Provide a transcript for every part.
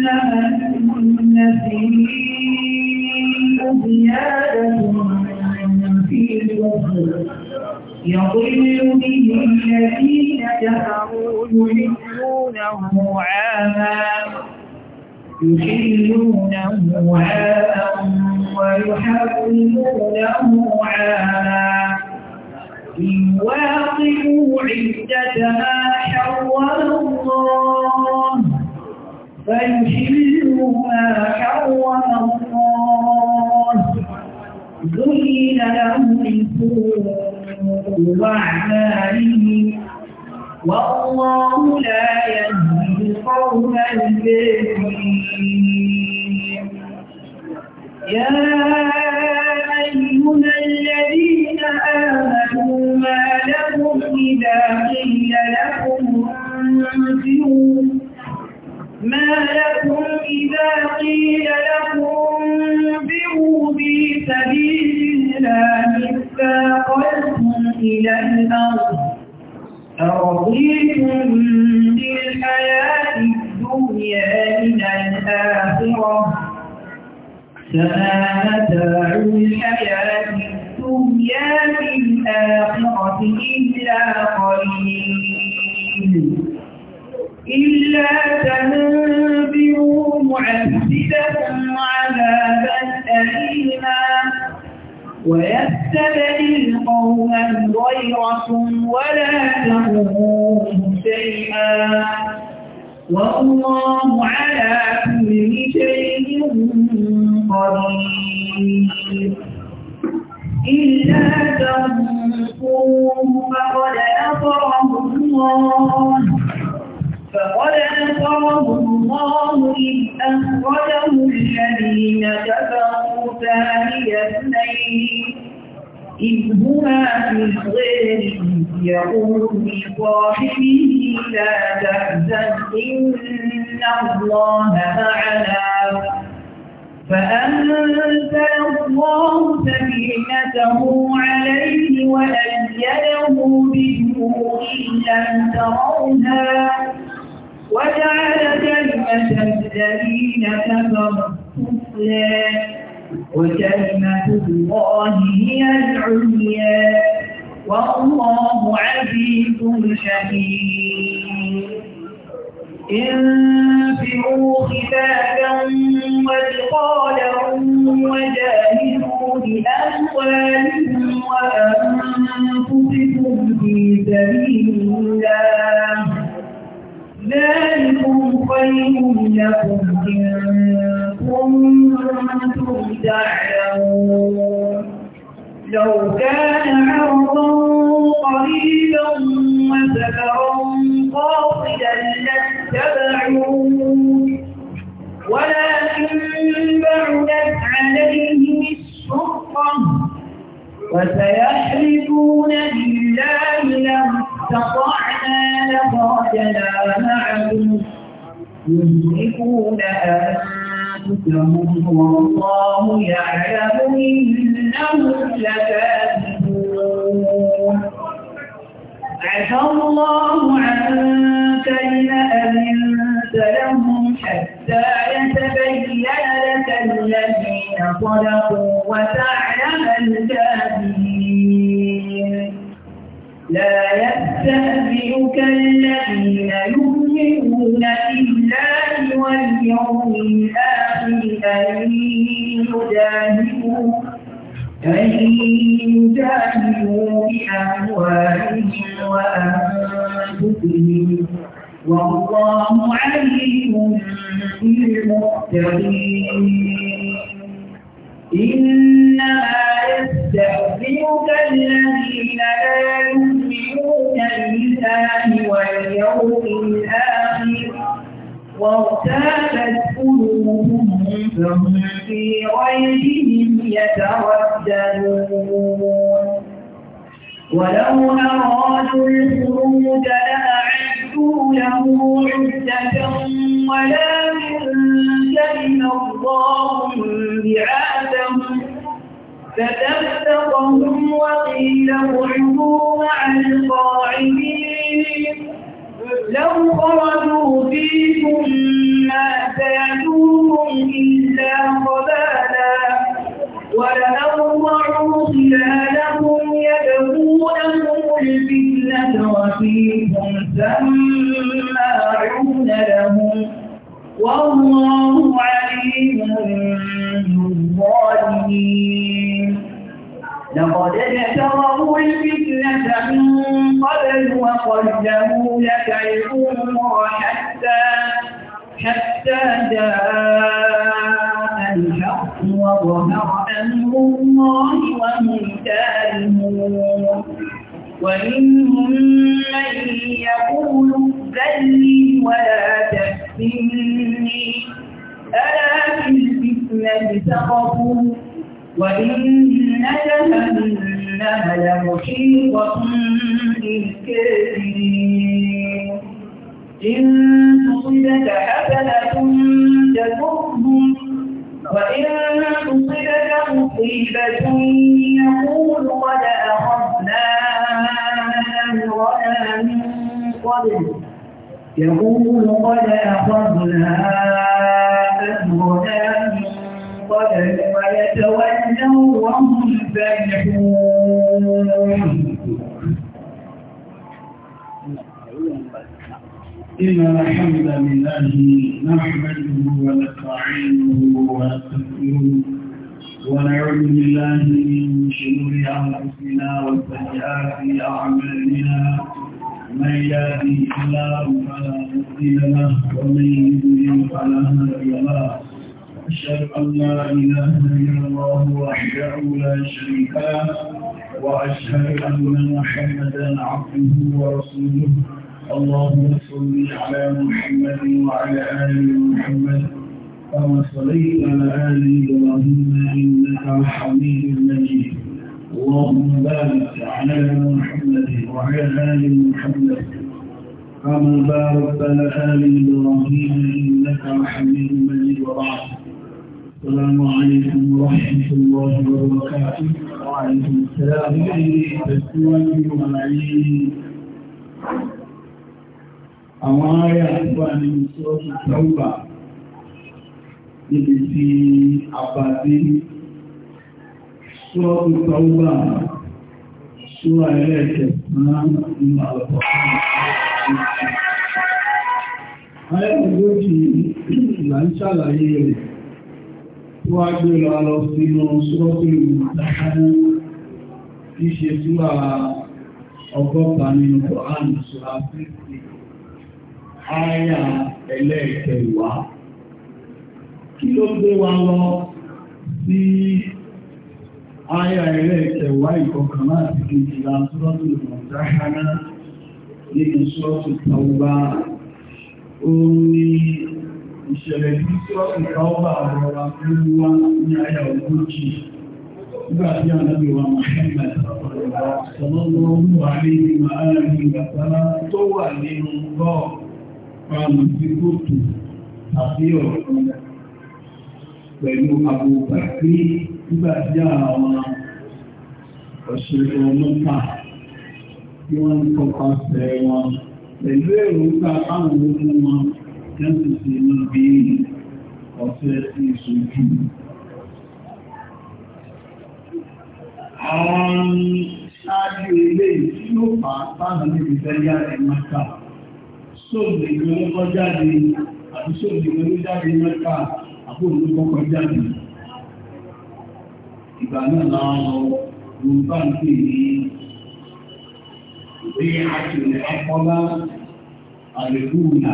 إنما النسيء زيادة في الكفر يضل به الذين كفروا يحلونه عاما يحلونه عاما ويحرمونه عاما ليواطئوا عدة ما حول الله فيحلوا ما حرم الله زين لهم سوء أعمالهم والله لا يهدي القوم الكافرين يا أيها الذين آمنوا ما لكم إذا قيل لكم انفروا ما لكم إذا قيل لكم انفروا في سبيل الله اثاقلتم إلى الأرض أرضيتم بالحياة الدنيا من الآخرة فما متاع الحياة الدنيا في الآخرة إلا قليل إلا تنذروا معذبكم عذابا أليما ويستبعي قوما غيركم ولا تضروهم شيئا والله على كل شيء قدير إلا تنصروه فقد نصره الله فقد أنصره الله إذ أخرجه الذين كفروا ثاني اثنين إذ هما في الغير يقول لصاحبه لا تحزن إن الله معنا فأنزل الله سكينته عليه وأيده بجنود لم ترونها وجعل كلمة الذين كفروا سفلى وكلمة الله هي العليا والله عزيز حكيم انفروا خفافا وثقالا وجاهدوا بأموالكم وأنفسكم في سبيل الله ذلكم خير لكم إن كنتم تعلمون لو كان عرضا قريبا وسفرا قاصدا لاتبعوك ولكن بعدت عليهم الشرطة وسيحلفون بالله لو استطعنا لخرجنا معكم يهلكون أنفسهم والله يعلم إنهم لكاذبون عفى الله عنك إن أذنت لهم حتى حتى يتبين لك الذين صدقوا وتعلم الكاذبين لا يستهزئك الذين يؤمنون بالله واليوم الآخر أن يجاهدوا أن يجاهدوا بأموالهم وأنفسهم والله عليم بالمتقين إنما يستهزئك الذين لا يؤمنون بالله واليوم الآخر وارتابت قلوبهم فهم في غيرهم يترددون ولو أرادوا الخروج لآخر تجعلوا له عدة ولكن فتفتقهم وقيل اقعدوا مع القاعدين لو خرجوا فيكم ما زادوكم إلا خبالا ولأوضعوا خلالكم يبغونكم الفتنة وفيكم سماعون لهم والله عليم بالظالمين لقد ابتغوا الفتنة من قبل وقدموا لك الأمر حتى حتى جاءوا الحق وظهر أمر الله وهم كارهون ومنهم من يقول ذلي ولا تحزني ألا في الفتنة سقطوا وإن جهنم لمحيطة بالكافرين إن تصبك حسنة تسرهم وإن تصبك مصيبة يقول قد أخذنا أمرنا من قبل يقول قد أخذنا أمرنا من قبل ويتولوا وهم فرحون إن الحمد لله نحمده ونستعينه ونستغفره ونعوذ بالله من شرور أنفسنا وسيئات أعمالنا من يهدي الله فلا مضل له ومن يضلل فلا هادي له أشهد أن لا إله إلا الله وحده لا شريك له وأشهد أن محمدا عبده ورسوله اللهم صل على محمد وعلى آل محمد كما صليت على آل إبراهيم إنك حميد مجيد اللهم بارك على محمد وعلى آل محمد كما باركت على آل إبراهيم إنك حميد مجيد وبعد السلام عليكم ورحمة الله وبركاته وعليكم السلام ورحمة الله وبركاته àwọn ará àgbà nínú sọ́ọ̀tù tẹ́wà níbi tí àbádé sọ́ọ̀tù tẹ́wà ṣúwà ẹlẹ́ẹ̀kẹ̀ẹ́sán nínú àlọ́pọ̀ ayẹ́gbẹ́gbẹ́jì ìlà ń ṣàlàyé rẹ̀ tó wá gbé nínú ọ̀hánà sọ́ọ̀tù àyà ẹlẹ́ẹ̀kẹwàá kí ló gbé wa lọ sí àyà ẹlẹ́ẹ̀kẹwàá ìkọkànlá àti kejìlá sọ́tò ìmọ̀dáhánà nínú sọ́tò tàwùbá ó ní ìṣẹ̀lẹ̀ tí sọ́tò tàwùbá rọra fún wa ní àyà ogójì nígbà tí ànábì wa Muhammad sọlọ́lọ́wọ́ wà nínú àárín bàbá tó wà nínú bọ́ọ̀ fáàmù sí kóòtù àti ọ̀rọ̀ pẹ̀lú àbòkà pé nígbà tí àwọn ọ̀ṣẹ̀rẹ̀ ọlọ́pà tí wọ́n ń kọpa fẹ́ wọn pẹ̀lú èròǹgbà fáwọn ohun wọn kẹ́sì sí inú bí ọ̀sẹ̀ sí ìṣojú. Àwọn ṣáájú ilé ìṣúná fà á sáà níbi fẹ́ yára ẹ̀ sóòlù ìgbẹ́ olókọ́ jáde àti sóòlù ìgbẹ́ olókọ́ jáde mẹ́ta àbó olókọ́kọ́ jáde. Ìgbà náà láwọn Yorùbá ń pè ní ìwé àtìlẹ̀ akọ́lá àlèkúrùnà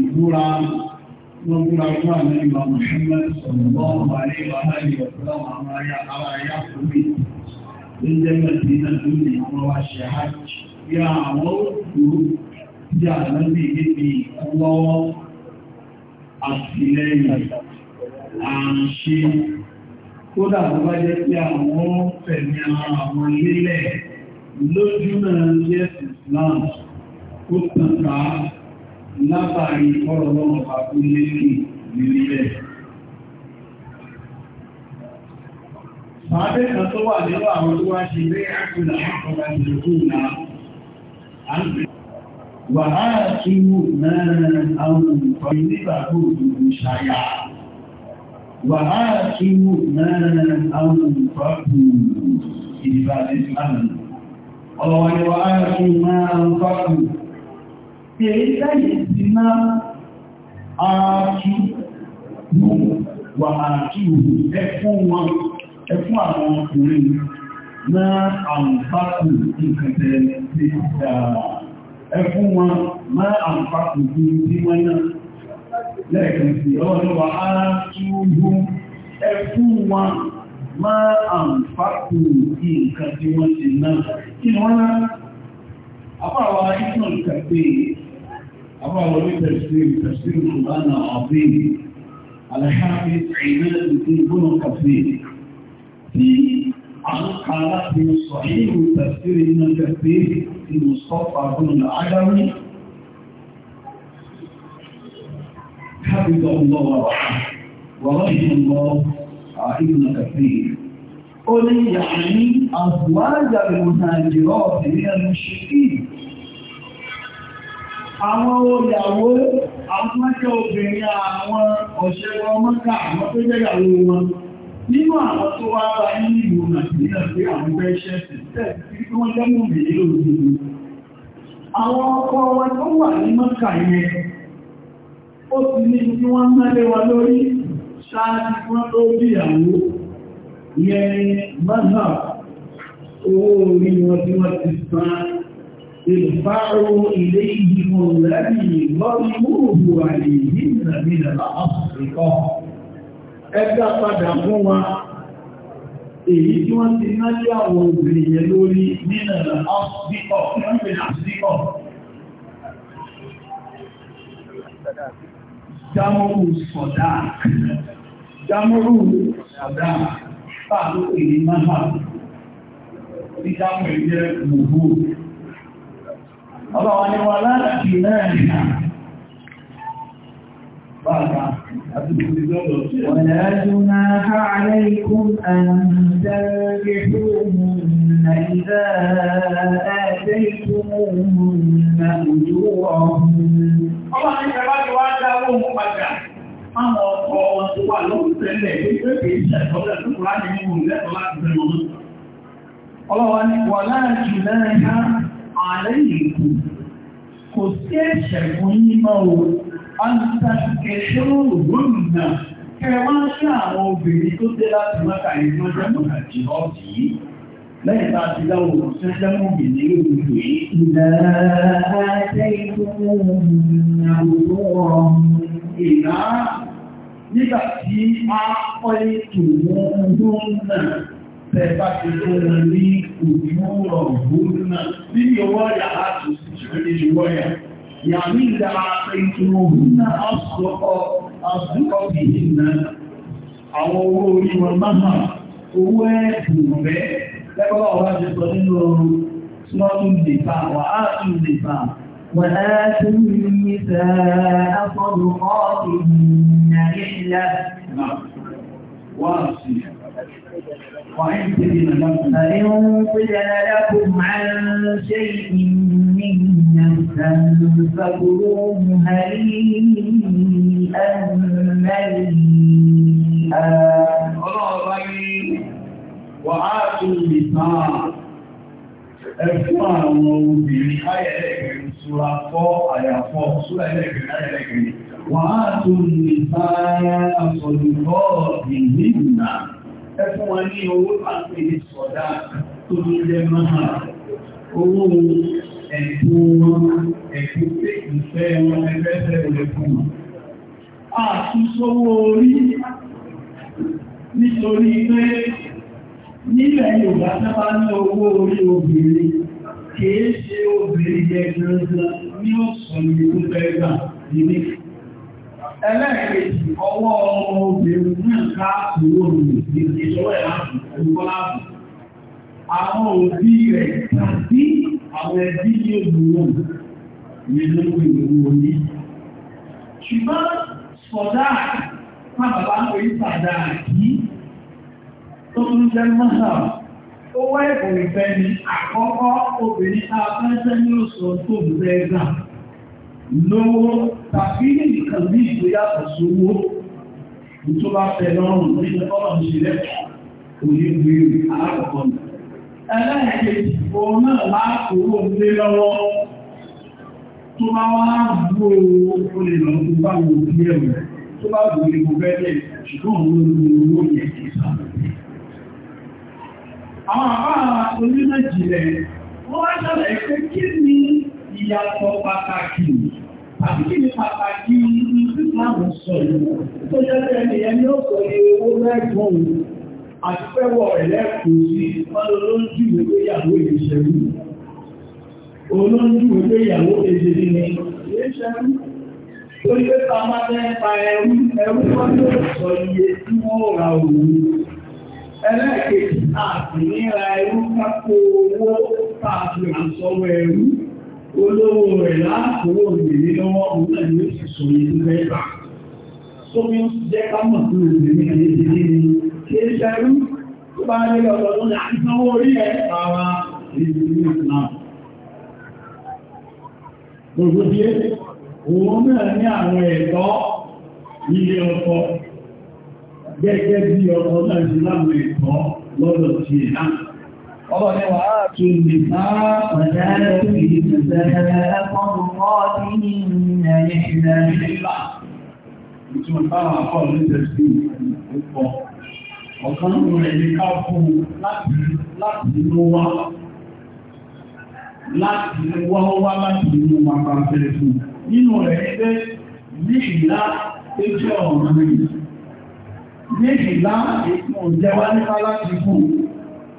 ìbúra wọ́n búra fún àmì ìwà Mùsùlùmí sọ̀rọ̀ lọ́wọ́ àlè ìwà náà ìwà fúláwọ̀ àwọn ará yá fún mi ìjẹ́gbẹ̀ tí náà tó lè wọ́n wá ṣe hajj bí àwọn òkú jẹ́ àlọ́bí níbi ìkúlọ́wọ́ àtìlẹ́yìn àṣẹ kódà tó bá jẹ́ pé àwọn fẹ̀mí àwọn lílẹ̀ lójú náà jẹ́ Islam ó tàn ká látàrí ọ̀rọ̀ lọ́wọ́ bàbá lélẹ̀ nílẹ̀ Fàábẹ́ kan tó wà nínú àwọn tó wá ṣe rí àkùnlẹ̀ àkùnlẹ̀ ìrìnkúnlá. Wà á tún mẹ́rin àwọn olùkọ́ nígbà tó òdòdó ṣáyà. Wà á tún mẹ́rin àwọn olùkọ́ kù ìdìbà ìsìlámù. Ọlọ́wọ́ ni wà á tún mẹ́rin olùkọ́ kù. Èyí lẹ́yìn sí náà, a tún mú wà á tún ẹkún wọn. ẹ fún àwọn ọkùnrin náà àǹfààkù nǹkan tẹ̀lé sí dáa ẹ fún wọn máa àǹfààkù bí i wọ́n náà lẹ́ẹ̀kan sí ọlọ́wà á túnbú ẹ fún wọn máa àǹfààkù nǹkan tí wọ́n ti náà kí wọ́n náà àbáwà ìtàn kàgbé àbáwà onífẹ̀ẹ́sì ìfẹ̀sì ìfẹ̀sì ìfẹ̀sì الحافظ عماد بن كثير عن حالات الصحيح وتفسير ابن كثير في مصطفى بن العدوي حفظه الله ورحمه الله ابن كثير قل يعني ازواج المهاجرات من المشركين أنا ìyàwó àwọn akẹ́ obìnrin àwọn أنا mọ́ta àwọn tó jẹ́gbàwó wọn nínú àwọn tó wá bá ní ìlú nàìjíríà pé àwọn ẹgbẹ́ iṣẹ́ tẹ̀ tí wọ́n jẹ́ mú mi nílò òdodo àwọn ọkọ̀ wa tó wà ní mọ́kà yẹn ó ti ní tí wọ́n mẹ́lẹ̀ wa lórí ṣáájú wọn tó bí yẹn mọ́nà owó orí wọn tí wọ́n ti san ìfáàrò ilé ìgbìmọ̀ lẹ́yìn lọ́rí múrùbù àyè yìí nàìjíríà lọ́pọ̀ ẹgbà padà fún wa èyí tí wọ́n ti ná lé àwọn obìnrin yẹn lórí nínà ọ́sìdíkọ̀ Jámọ́rù sọ̀dá, jámọ́rù sọ̀dá, pàtó èyí máa ní jámọ́ ìjẹ́ mùhú. Ọlọ́wọ́ ni wọ́n láti náà ولا جناح عليكم أن تنكحوهن إذا آتيتموهن أجورهن. الله يبارك ويجعلهم مجانا. Àwọn ọkọ̀ wọn tó wà lóòrùn tẹ́lẹ̀ pé pé ìṣẹ̀tọ́lẹ̀ tó kúrò láti mú lẹ́tọ̀ láti bẹ̀rẹ̀ wọn. Ọlọ́wà ní wà ìlú kò sí ẹ̀ṣẹ̀ fún yí máa أَنْتَكِحُوهُنَّ Kẹwàá ṣe àwọn obìnrin tó dé láti mọ́ta ìwọ́n jẹ́ mọ́ta jì ọ́ọ̀tì yìí. Lẹ́yìn tá a ti dáwò lọ sí ẹgbẹ́ mọ́bì ní òwúrò yìí. Ìlà ààrẹ ìfúnmọ̀nà òwúrọ̀. Ìlà nígbà tí a kọ́ ètò ọdún náà tẹ bá ti fún ní òwúrọ̀ òwúrò náà. Níbi owó ọ̀yà láti ṣùgbọ́n ní owó ọ̀yà. يعني إذا أعطيتموهن أصدق أصدق بهن àwọn owó orí wọn máa owó ẹ̀kùn rẹ̀ lẹ́gbọ́n ọ̀rọ̀ ti sọ nínú ọrùn tí wọ́n tún lè bá wà á tún lè bá wà á tún ní sẹ́ àfọ́dù ọ́ọ̀kì ìrìnà ìlà wà sí فإن قيل لكم عن شيء من نفسا فكلوه هنيئا مليئا وآتوا النساء ẹ̀fún àwọn obìnrin ayẹ́lẹ́gbẹ̀rẹ̀ ṣúra fọ́ àyàfọ́ ṣúra ẹlẹ́gbẹ̀rẹ̀ ayẹ́lẹ́gbẹ̀rẹ̀ wọ́n á tún lè sáyá àṣọ̀lùkọ́ ọ̀gbìn nínú náà ẹ fún wa ní owó pàṣẹ ní sọ̀dá tó ní jẹ́ máa owó ẹ̀kún wọn ẹ̀kún pé ìfẹ́ wọn ẹgbẹ́fẹ́ rẹ̀ fún wọn. a tún sówó orí nítorí pé nílẹ̀ Yorùbá sábà ní owó orí obìnrin kìí ṣe obìnrin yẹ gbọ́ngbọ́n ní ọ̀sán ní gbogbo ẹgbà nílé ẹlẹ́ẹ̀kejì ọwọ́ ọmọ obìnrin náà ká kúrò ní ìṣòro ẹ̀ láti ẹ̀rọ láti àwọn òbí rẹ̀ tàbí àwọn ẹbí ní òbúrò nínú ìlú orí. ṣùgbọ́n sọ̀dá pàbàbá ń pè sàdá kí tó tún jẹ́ mọ́sà ó wá ẹ̀kọ́ ìfẹ́ ni àkọ́kọ́ obìnrin tá a fẹ́ sẹ́ ní òṣùwọ̀n tó bẹ̀rẹ̀ gbà lówó tàbí nìkan bí ìgbéyàtọ̀ sówó tó bá fẹ́ lọ́rùn nígbẹ́ ọlọ́run ṣe lẹ́kọ̀ọ́ òní gbèrè alákọ̀ọ́kọ́ nì ẹlẹ́ẹ̀kejì òun náà láàkòrò lé lọ́wọ́ tó bá wá gbó olè lọ tó bá wò bí ẹ̀rù tó bá wò ní gbogbo ẹ̀lẹ́ ṣùgbọ́n òun ló owó yẹn kì í sáré àwọn àbá onímọ̀ jìnlẹ̀ wọ́n wá ṣàlẹ̀ pé kí ni ìyàtọ̀ pàtàkì nìyí àbí kí ni pàtàkì ìsìláàmù sọ tó jẹ́ ẹni ẹni ní owó mẹ́gbọ́n àti pẹ́wọ̀ rẹ̀ sí olóńjú ìgbéyàwó ìṣẹ́rú ni ìṣẹ́rú tó yẹ ra ẹrú kápò owó tààbí àsọwọ́ ẹrú olówó rẹ̀ láàkówó ìrìnlẹ̀ lọ́wọ́ òun náà ni ó ní ilẹ̀ tó ní jẹ́ ká mọ̀ sí ìrìnlẹ̀ ní ìdílé ni kí é ṣẹ́rú tó bá rí ọ̀dọ̀ tó ní orí ẹ̀ ara ìrìnlẹ̀ náà náà ọlọ́ni wà rẹ̀ ní ká fún láti inú wá láti wá wá láti inú wá bá fẹ́ fún nínú rẹ̀ ẹgbẹ́ ní ìlà tó ọ̀rọ̀ ní ìlà ìpọ̀ jẹ́ nípa láti fún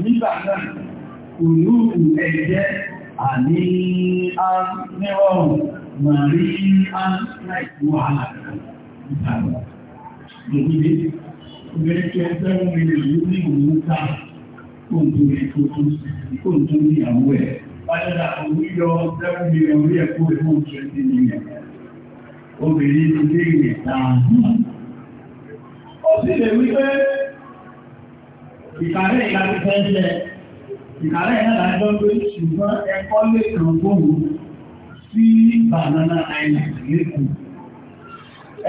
nígbà náà kùnú ẹ̀jẹ́ àní anírọ̀rùn màrí anáìkú àlàkà ìtàlá. Gbogbo obìnrin tó ẹgbẹ́ ohun ìlú ní òun ká kóńtó ìfòtó kóńtó níyàwó ẹ̀. Bájọ́dá òun yọ seven million orí ẹ̀kọ́ ìfún twenty million. Obìnrin ti dé ìrìn tààmù. Ó sì lè wí ìkàrẹ́ ìlàrí fẹ́ẹ́fẹ́ ìkàrẹ́ ìlàrí lọ́gbé ṣùgbọ́n ẹkọ́ lè kàn gbóhùn sí banana island lẹ́kùn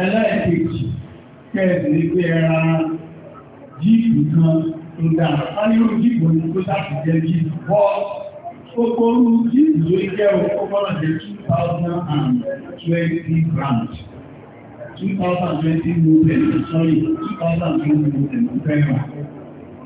ẹlẹ́ẹ̀kejì kẹ́ẹ̀sì ní pé ẹra jíìpù kan tó dára wọ́n ní orí jíìpù ní kó sáàpù jẹ́ jíìpù bọ́ kókóró jíìpù ló jẹ́ òkókóró jẹ́ 2020 grams 2020 movement sorry 2020 movement fẹ́ràn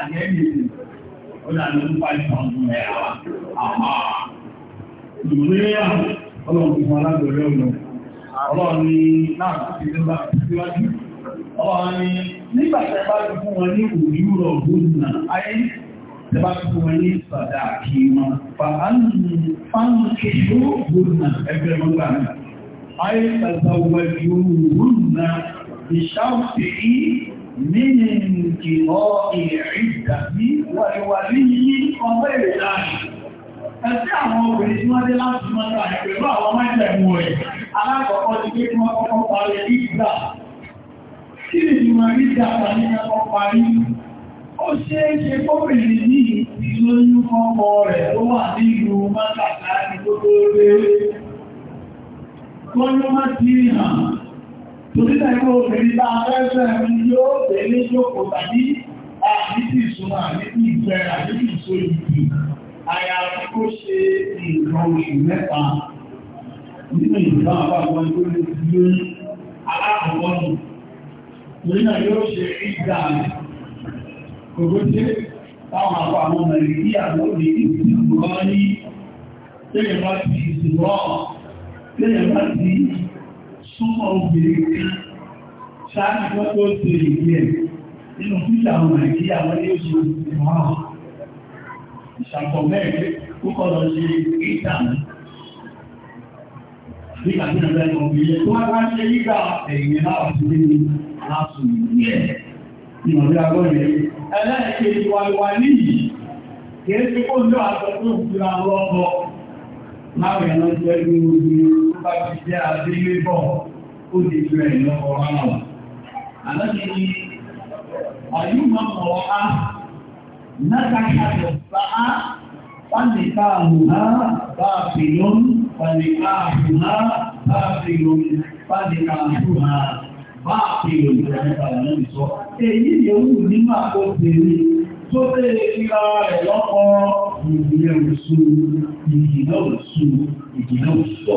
àjẹ́bí ó ọlọ́run fún alágbèrè bá ti fún wọn ní òwúrọ̀ gómìnà ayé tẹ́ bá ti fún wọn ní sàdá kí wọn fáwọn kéṣó gómìnà ẹgbẹ́ wọn gbà ayé tàbí wọn yóò rúnà ìṣàwọ̀ nínú ìwọ̀ ìrìdàbí wàlúwàlú yìí ọmọ èrè láàrin. Ẹ̀sí àwọn obìnrin tí wọ́n dé láti mọ́ta ìpẹ̀lú àwọn mẹ́jẹ̀mú ẹ̀. Alákọ̀ọ́kọ́ ti pé wọ́n kọ́kọ́ parí ìgbà. Kí ni ìmọ̀ ìgbà parí kọ́kọ́ parí? Ó ṣe é ṣe kóbìnrin ní ìlóyún fọ́kọ rẹ̀ tó wà ní ìlú mọ́ta láti tó tó rẹ̀. Kọ́yọ́ má ti hàn Tòlítà ìwò obìnrin bá fẹ́fẹ́ mi yóò fẹ́ ní ṣòkò tàbí àbítì ìṣúná àbítì ìfẹ́ àbítì ìṣó ìdì. Àyà kó ṣe nǹkan oṣù mẹ́ta nínú ìgbà àpapọ̀ tó lè ti lórí alákọ̀ọ́kọ́ nù. Tòlítà yóò ṣe ìgbà kòkó tí táwọn àpapọ̀ àwọn Nàìjíríà lórí ìsìnkú kan ní tẹ́lẹ̀ bá ti ìsìnkú ọ̀ tẹ́lẹ̀ bá ti ìsìnkú súnmọ́ obìnrin kan ṣáájú wọn tó ṣe ìdí ẹ̀ nínú fíjà àwọn nàìjíríà wọn ní oṣù ìwọ̀n ìṣàkọ̀ mẹ́rin ó kọ́ lọ ṣe ìta ní àti ìrẹ̀lẹ̀ ọ̀gbìnrin tó wá wá ṣe yíká ẹ̀yìn láàrín nínú aṣù ìyẹ̀ ìrọ̀lẹ́ agbọ́rẹ̀ ẹlẹ́ẹ̀kẹ́ ìwàlúwà níyì kìí tí kó lọ àtọ́ tó fúra lọ́kọ́ láwọn ẹ̀nà ìjẹ́ ìlú ogun bá ti jẹ́ àdílé bọ̀ ó lè jọ ẹ̀ lọ́wọ́ ráwọ̀. Àlọ́dé ni, ọ̀yún máa ń wọ á, látàkà lọ bá á, wọ́n lè ká àrùn á, bá a fi lọ́n, wọ́n lè ká àrùn á, bá a fi lọ́n, wọ́n lè ká bá a fi lọ́n, tó tẹ̀lé tó lè rẹ̀ lọ́kọ̀ọ́ ìgbìyànjú ìgbìyànjú ìgbìyànjú ìgbìyànjú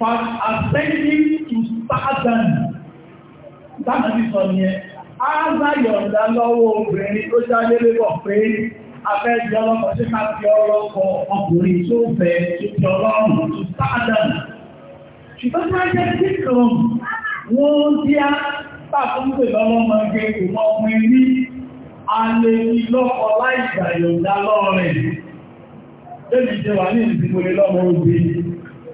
ascending to stardom tánàbí sọ ni ẹ áza yọ̀ǹda lọ́wọ́ obìnrin tó jáde lébọ̀ pé afẹ́jọ́ ọlọ́pàá tí ká fi ọlọ́pọ̀ ọkùnrin tó fẹ́ tó fi ọlọ́run tó ṣùgbọ́n tí jẹ́ kíkan wọ́n ìmọ̀ ọmọ ẹni alẹ́ lọ́rẹ̀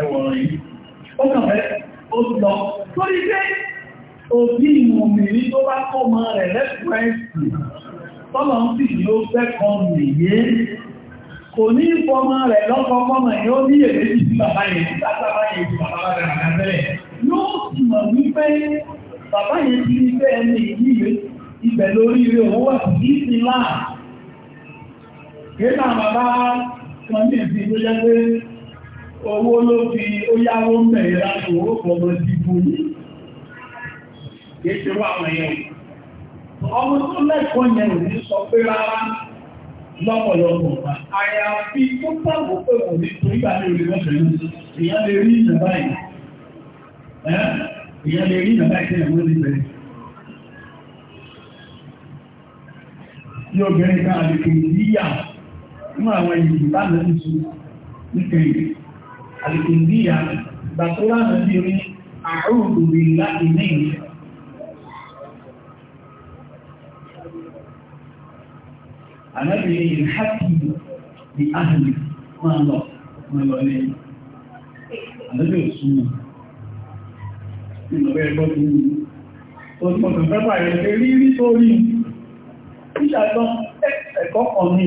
ẹwọ̀n yìí ó kàfẹ́ ó lọ tó ní pé òbí ìmọ̀mìrí tó bá kọ́ mọ́ rẹ̀ lẹ́kùnrẹ́sì tọ́lọ̀ ń sì ló fẹ́ kọ́ nìyé kò ní ìfọmọ rẹ̀ lọ́kọ́kọ́mọ̀ yẹn ó ní èrè sí bàbá yẹn sí bàbá yẹn sí bàbá rẹ̀ àgbẹ̀rẹ̀ yóò sì mọ̀ wípé bàbá yẹn ti ní bẹ́ẹ̀ ní ìyí ibẹ̀ lórí rẹ̀ owó wà sí ìsinlá Kéèkà bàbá owó ló fi ó yáwó mẹ́rin láti owó pọ̀mọ́ sí búrú kéèkéé wà wọ́n yẹn ọmọ tó lẹ́kọ̀ọ́ yẹn ò ní sọ pé rárá lọ́pọ̀lọpọ̀ àyàfi tó pàwò pé kò ní torí bá lè rí ìyá lè rí ìyá lè rí tí obìnrin fún àwọn àlèkèndíyà gbàtọ́lá náà bí rí àrùn òbí láti ní ìlú àlẹ́bìnrin ìrìnhàkì di ahìlì máa lọ lọ ní àlẹ́bìn òsùnmù ìlọ̀rẹ́ ẹgbọ́ tó wù tó tí ọ̀sán pẹ́pà rẹ̀ rí rí tó rí ìṣàtọ́ ẹ̀kọ́ kan ní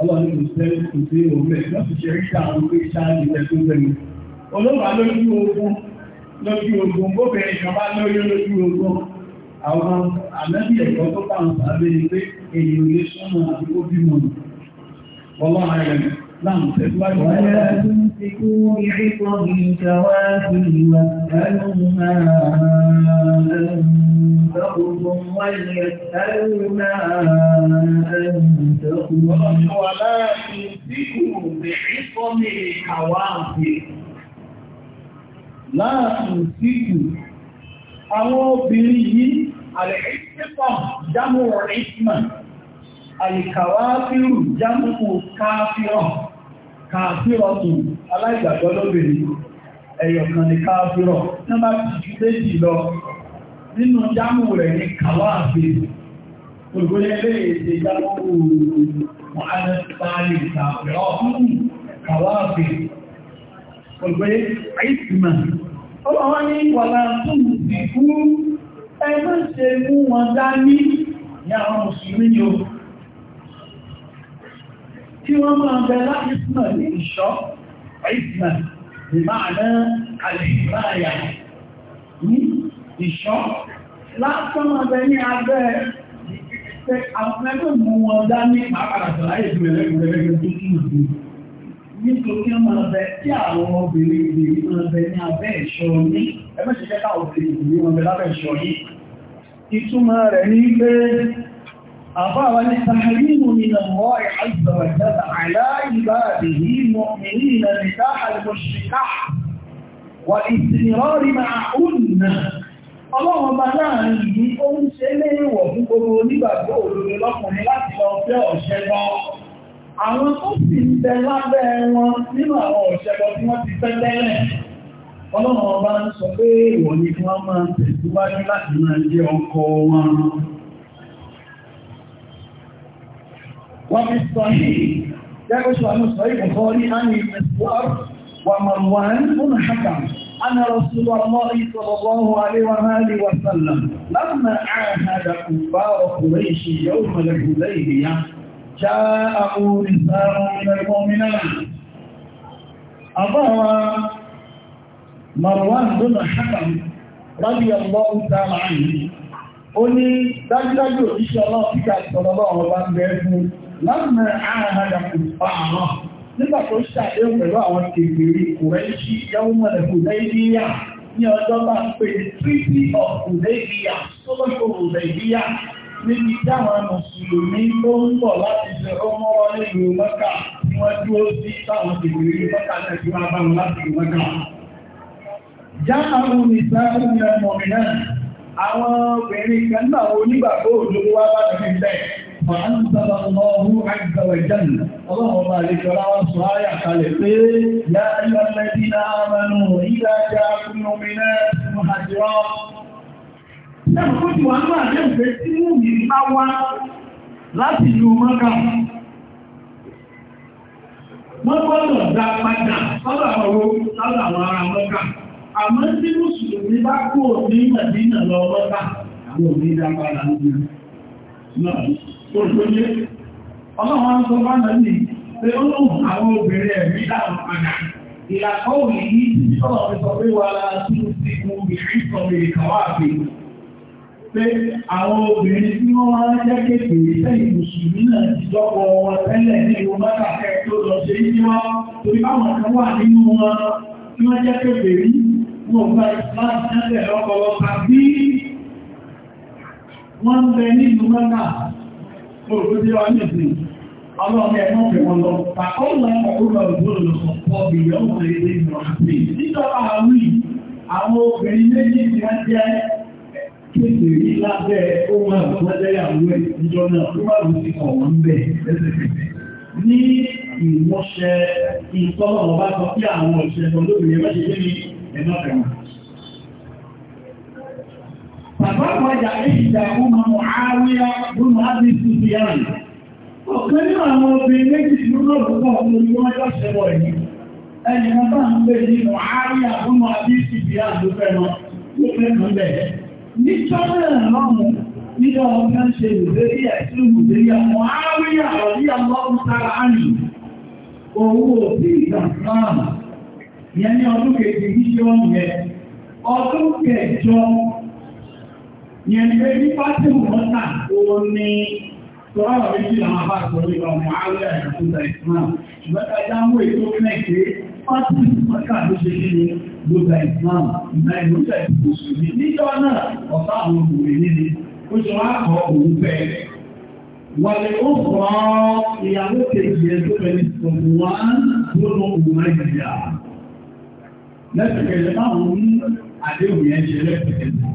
ọlọ́run kò sẹ́ kò sí òun ẹ̀ ṣe rí sáà pé sáà ní ẹ̀ olóòwà lójú ogun lójú ogun bóbẹ̀rẹ̀ ìjọba lóyún lójú ogun àwọn àlẹ́bí ẹ̀kọ́ tó bá ń sàbẹ̀ ni pé èyí ò lè súnmọ́ àdúgbò bímọ ọlọ́run ayẹyẹ نعم ولا أنفسهم وليسألوا أنفسهم ولا تمسكوا بعصم الكوافر لا تمسكوا àwọn obìnrin yìí àlẹ́kẹ́kọ̀ jámù ìsìmọ̀ àìkàwáfíìrù jámù káfíọ̀ káfíọ̀ tún aláìgbàgbọ́ lóbìnrin ẹ̀yọ̀kan ni káfíọ̀ tí wọ́n bá ti ju méjì lọ nínú jámù rẹ̀ ní kàwáàfẹ́ olùgbélé èdè jámù mọ̀hánẹ́sìtàrí ìtàfẹ́ ọ̀hún kàwáàfẹ́ olùgbélé àìsìmà ọmọ wọn ní wàlá tún sí fún ẹgbẹ́ ṣe mú wọn dání tí wọ́n máa bẹ láìsìmà ní ìṣọ́ àìsìmà ìmáàná àlè ìmáàyà ní hmm? ìṣọ́ lásán ọ̀dẹ̀ ní abẹ́ pé àwọn ẹgbẹ́ mú wọn dá ní pàápàá láyé ju ẹlẹ́gbẹ̀rẹ́gbẹ̀ tó kí nà ní nítorí ọmọ ọbẹ̀ tí àwọn obìnrin ìgbèrè máa bẹ ní abẹ́ ìṣọ́ ní ẹgbẹ́ ṣiṣẹ́ káwọn obìnrin ìgbèrè wọn bẹ lábẹ́ ìṣọ́ yìí ìtumọ̀ rẹ̀ ní pé أفعل التحريم من الله عز وجل على عباده المؤمنين نكاح المشركات والاستمرار معهن Ọlọ́run bá láàrin ìdí ó ń ṣe léèwọ̀ fún gbogbo onígbàgbọ́ òdodo lọ́kùnrin láti lọ fẹ́ ọ̀ṣẹ́ lọ. Àwọn tó sì ń bẹ lábẹ́ wọn nínú àwọn ọ̀ṣẹ́ lọ tí wọ́n ti fẹ́ tẹ́lẹ̀. Ọlọ́run ọba ń sọ pé ìwọ̀ ni kí wọ́n máa tẹ̀síwájú láti máa jẹ́ ọkọ wọn. Wọ́n fi sọ yìí, Jẹ́kọ́ṣọ́ àwọn sọ ìkọ̀kọ́ ní Annie Mẹ́sùwárù, wà Marwan, ó nà أنا رسول الله صلى الله عليه وآله وسلم لما عاهد كفار قريش يوم الحديبية جاءه نساء من المؤمنين أضاء مروان بن الحكم رضي الله تعالى عنه ó ní dájúdájú òṣìṣẹ́ ọlọ́pìtà ìsọ̀lọ́lọ́ ọ̀rọ̀ bá ń bẹ̀ẹ́ fún lọ́nà ààrẹ àdàkùn pààrọ̀ nígbà tó ṣàdéhùn pẹ̀lú àwọn kèbèrè kòrẹ́ṣí yàwó mọ̀lẹ̀ Hudaybiya ní ọjọ́ bá ń pè Treaty of Hudaybiya sọ́lọ́pọ̀ Hudaybiya níbi táwọn mùsùlùmí tó ń bọ̀ láti ṣe ọmọwọ́ nílùú Mẹ́kà tí wọ́n dúró sí táwọn kèbèrè Mẹ́kà náà tí wọ́n bá wọn láti Mẹ́kà. Jáàmù nìsáàmù ni ọmọ mi náà, àwọn obìnrin kan náà onígbàgbọ́ òdòdó wá bá فأنزل الله عز وجل اللهم لك لا صايع خلقين يا أيها الذين آمنوا إذا جاءكم مؤمنات مهاجرات Lẹ́kùn kó ti wà ní àjẹ́ ìfẹ́ tí mú mi bá wá láti ìlú Mọ́gá. Wọ́n gbọ́dọ̀ dá sọ́dọ̀ àwọn sọ́dọ̀ àwọn ará Mọ́gá. Àmọ́ tí Mùsùlùmí bá kúrò ní Mẹ̀dínà lọ Mọ́gá, àwọn òbí dá padà ń bí òṣòyé ọlọ́wọ́n tó bá nà ní pé ó lóhùn àwọn obìnrin ẹ̀rí dáhùn padà ìlàkọ́ òní ní sọ́lọ̀ fi sọ pé wà lára tí ó ti mú obìnrin sọ pé ìkàwà àbí pé àwọn obìnrin tí wọ́n máa ń jẹ́ kékeré sẹ́yìn mùsùlùmí náà ti lọ́pọ̀ wọn tẹ́lẹ̀ ní ìwọ mọ́tàkẹ́ tó lọ ṣe é tí wọ́n torí báwọn kan wà nínú wọn tí wọ́n jẹ́ kékeré wọn gba ìsìláàmù tẹ́lẹ̀ lọ́pọ̀lọpọ̀ tàbí wọ́n ń bẹ nínú mọ́tàkẹ́ olùdíbí wa ní ìsìn ọlọ́run ẹ̀mọ́ fi wọn lọ pàkọ́lá ọ̀pọ̀lọpọ̀ ìgbòrò lọ́pọ̀ ìyẹ́wò èdè ìrọ̀lẹ́ nítorí àwí àwọn obìnrin méjì tí wọ́n jẹ́ kékeré lábẹ́ ohun àgbọ́jẹ́yàwó ìjọ náà tó bá lù sí ọ̀wọ́n bẹ̀ ní ìmọ̀ṣẹ́ ìtọ́lọ̀ ọba sọ pé àwọn òṣèlú olóbìnrin mẹ́ṣẹ́ فبرج إحداهما معاوية بن أبي سفيان ọ̀kan nínú àwọn obìnrin méjì tí ó lórí wọ́n jọ ṣẹ̀wọ̀ yìí ẹni wọ́n bá ń gbé ní ló fẹ́ ní lọ́mù nígbà wọn ṣe sára òbí ìgbà náà ìyẹn ní ọdún kẹjọ Yẹn ni pé ní Fátìmù wọ́n tà ó ní sọ́rọ̀ méjì làwọn bá sọ nípa ọmọ àárẹ̀ àìsúta ìsìláà. Ṣùgbọ́n ká jáwó ètò mẹ́kẹ́ Fátìmù mọ́kà ló ṣe kí ni gbogbo ìsìláà ìgbà ìlúṣẹ̀ ìbùsùn níjọ́ náà ọ̀tá àwọn àdéhùn yẹn ṣe lẹ́sẹ̀kẹ̀lẹ̀.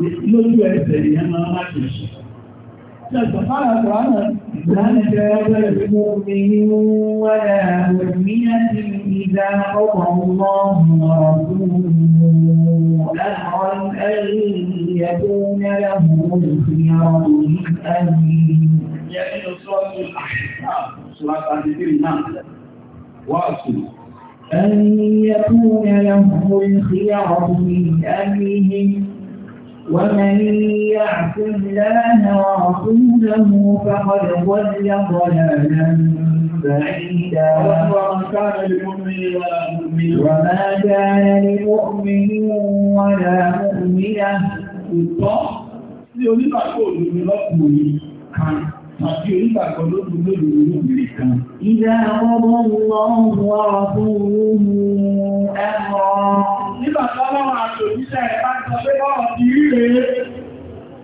lójú ẹsẹ̀ ìyẹn máa má kì í ṣe. Ṣàtàkárà Kùránà ìgbàlẹ̀ ọgbẹ̀rẹ̀ tí mo fi ní wẹ́rẹ̀ òmìnira ti ìdá ọkọ̀ ọmọ ọdún láàrín ẹ̀rí ẹ̀dọ́ náírà mú ìfìyàn òní ẹ̀rí. Yẹ́ nínú sọ́ọ̀tù àṣìṣà ṣùgbọ́n àti bí náà wá sùn. أن يكون لهم الخيار من أمرهم ومن يعص الله ورسوله فقد ضل ضلالا بعيدا وما كان لمؤمن ولا مؤمنة ìtọ́ sí onígbàgbọ́ òdòdó lọ́kùnrin kan àti onígbàgbọ́ lóòdòdó lóòdòdó kan. Ìdá àwọn ọmọ ọmọ ọmọ ọmọ ọmọ ọmọ nígbà tọ́lọ́wọ́ àti òjíṣẹ́ rẹ̀ bá sọ pé bọ́ọ̀ ti rí rèé.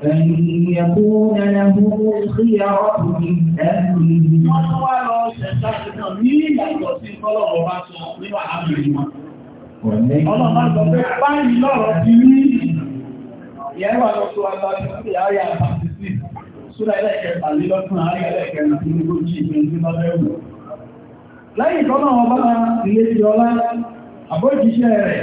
Ẹ̀yìn ẹ̀kún ẹ̀yẹ̀kún sí ọkùnrin ẹ̀yìn. Wọ́n wá lọ ṣẹ̀ṣà ṣẹ̀ṣà ní ìyàtọ̀ sí tọ́lọ́wọ́ bá sọ nígbà àbìrì wọn. Ọlọ́mọ sọ pé báyìí lọ́rọ̀ ti rí. Ìyẹn wà lọ sọ agbájú sí àárí àbàtì sí. Súra ẹlẹ́kẹ̀ẹ́ta lélọ́tún àárí ẹlẹ́kẹ̀ẹ́ta ní ogójì ìgbìyànjú lọ́dẹ́rù lẹ́yìn tọ́nà ọba ilé ti ọlá àbójíṣẹ́ rẹ̀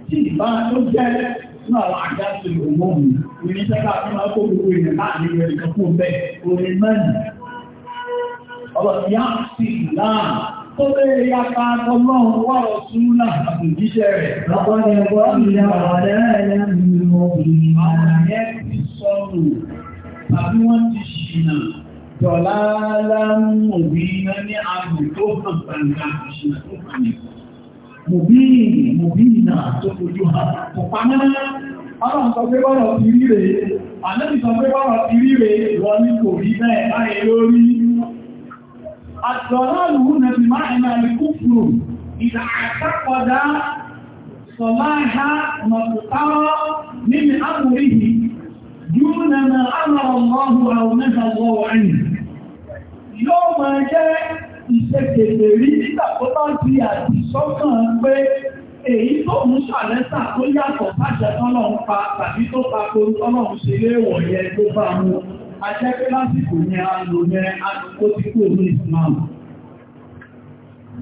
tí ìbá tó jẹ́ ní àwọn àjáṣe òmùn ìrìn sẹ́gbà tí wọ́n kó gbogbo ìrìn láàrin rẹ̀ kan fún bẹ́ẹ̀ orin mẹ́rin ọ̀rọ̀ ìyá sí ìlànà tó bẹ́ẹ̀ ya pa ọlọ́run wọ́rọ̀ súnlá àbùjíṣẹ́ rẹ̀ lọ́pọ̀ ni wọ́n ìyá ọ̀rẹ́ àwọn ẹ̀yẹ́ ti sọnù tàbí wọ́n náà ní àgbò tó hàn gbangba ìṣìnà tó hàn nìkan mùbíìnì mùbíìnà tó fojú hàn kò pamẹ́ ọlọ́run sọ pé bọ́rọ̀ ti rí rèé àlẹ́bì sọ pé bọ́rọ̀ ti rí rèé wọ́n ní kò rí bẹ́ẹ̀ báyìí lórí àtọ̀rọ̀lù nà ti máa ẹ̀nà ìkúfùrù ìdà àtàkọ̀dá ìṣẹ́kèdè rí nígbà tó bá ń fi àdìsọ́kàn pé èyí tó mú ṣàlẹ́sà tó yàtọ̀ bàjẹ́ tọ́lọ́run pa tàbí tó pa torí tọ́lọ́run ṣe léèwọ̀ yẹn tó bá mú ajẹ́pẹ́ lásìkò ní àlò yẹn àdúgbò tí kò ní Islam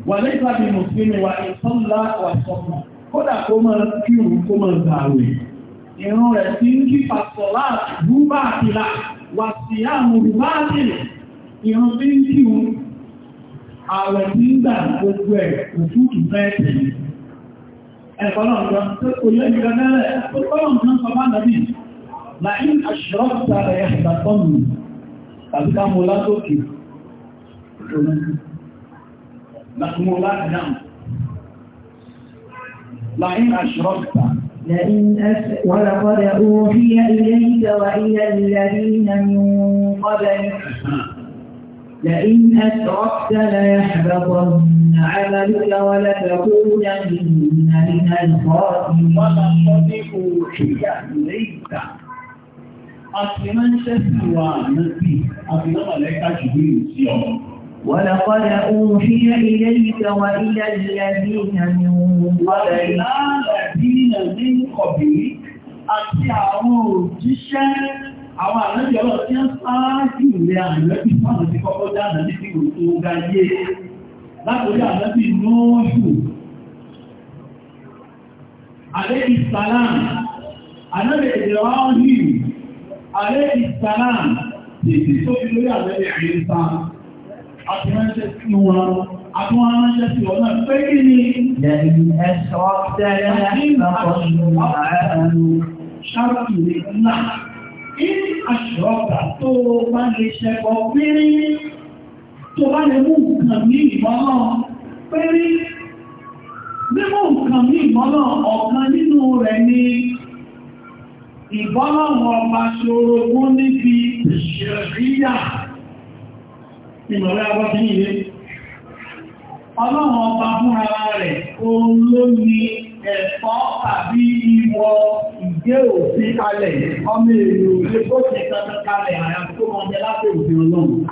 wà nígbà bí mùsùlùmí wà ìtọ́lá wà sọ́kàn kódà kó máa kírun kó máa gbààwẹ̀ ìran rẹ̀ ti ń kí pàtọ́lá rúbà àtìlà wà sí àmúrúbá àtìlẹ̀ ìran tí ń kírun ààrẹ nígbà gbogbo ẹ̀ òfúrú bẹ́ẹ̀ tẹ̀lé ẹ̀kọ́lọ́n kan tó kò yẹ ìgbà mẹ́rẹ̀ tó kọ́lọ́n kan sọ bá nàbí láìní àṣírọ́pùtà rẹ̀ àgbàtọ́nù tàbí ká mọ́ látòkè لئن أشركت لئن أس... ولقد أوحي إليك وإلى الذين من قبلك لئن أشركت ليحبطن عملك ولتكونن من الخاسرين ولقد أوحي إليك أتمنى ولقد أوحي إليك وإلى الذين من قبلك من àwọn àrẹ́bí ọlọ́run tí wọ́n sáájú rẹ̀ àrẹ́bí fáwọn ti kọ́kọ́ dáadáa ní ìwò tó ga yé látòrí àrẹ́bí nọ́ọ̀ṣù àrẹ́ ìsàlám àrẹ́bí ìrọ̀ọ́hì àrẹ́ ìsàlám títí tó fi lórí àrẹ́bí àyíká àtúnránṣẹ́ sí wọn àtúnránṣẹ́ sí wọn náà ni lẹ́yìn ẹ̀ṣọ́ tẹ́lẹ̀ ní àṣọ́ọ̀bà tó bá lè ṣẹ̀kọ̀ péré tó bá lè mú nǹkan ní ìmọ́nà péré mímú nǹkan ní ìmọ́nà ọ̀kan nínú rẹ̀ ni ìbọ́lọ̀wọ̀ ọba ṣòro mú níbi ìṣẹ̀ríyà ìmọ̀lẹ́ abọ́sí ilé ọlọ́run ọba fúnra rẹ̀ òun ló ní ẹ̀fọ́ tàbí wọ ìgbé òfin kalẹ̀ ọmọ èrò ilé tó ṣe kankan kalẹ̀ àyà tó mọ jẹ láti òfin ọlọ́run.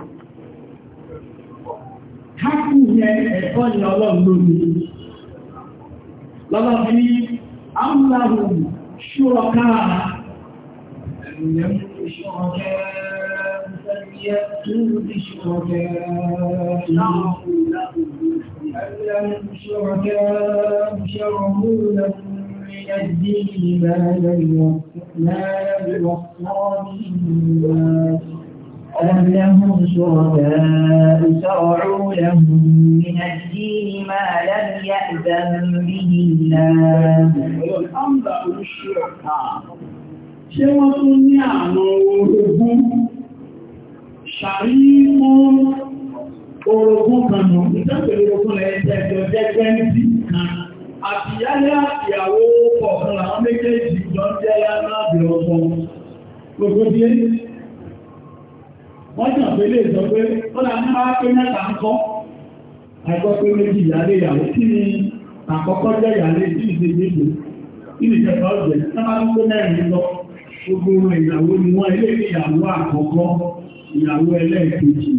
Hákù yẹn ẹ̀kọ́ ni ọlọ́run lórí. Lọ́lọ́ fi ní Amúláhù ṣúrọ̀ká الدين ما لم يوفق به أم لهم شركاء شرعوا لهم من الدين ما لم يأذن به الله الأمر الشركاء ṣé wọ́n tún ní àwọn orogún ṣàríkún orogún kan náà ìtàkùn orogún lẹ́yìn tẹ́jọ jẹ́gbẹ́ ní kan àtìyálé àtìyàwó kọ̀ọ̀kan méjèèjì jọ ń jẹ́ láàbì ọ̀pọ̀ gbogbo díẹ̀. wọ́n jàn pé lè sọ pé ó là na bá pé mẹ́ta ń kọ́ àìkọ́ pé méjì ìyàwó kí ni àkọ́kọ́ jẹ́ tí ìṣe méjì kí ni ìjọba ọ̀jẹ̀ ń mẹ́rin lọ gbogbo ìyàwó ni wọ́n ilé ìyàwó àkọ́kọ́ ìyàwó ẹlẹ́ẹ̀kejì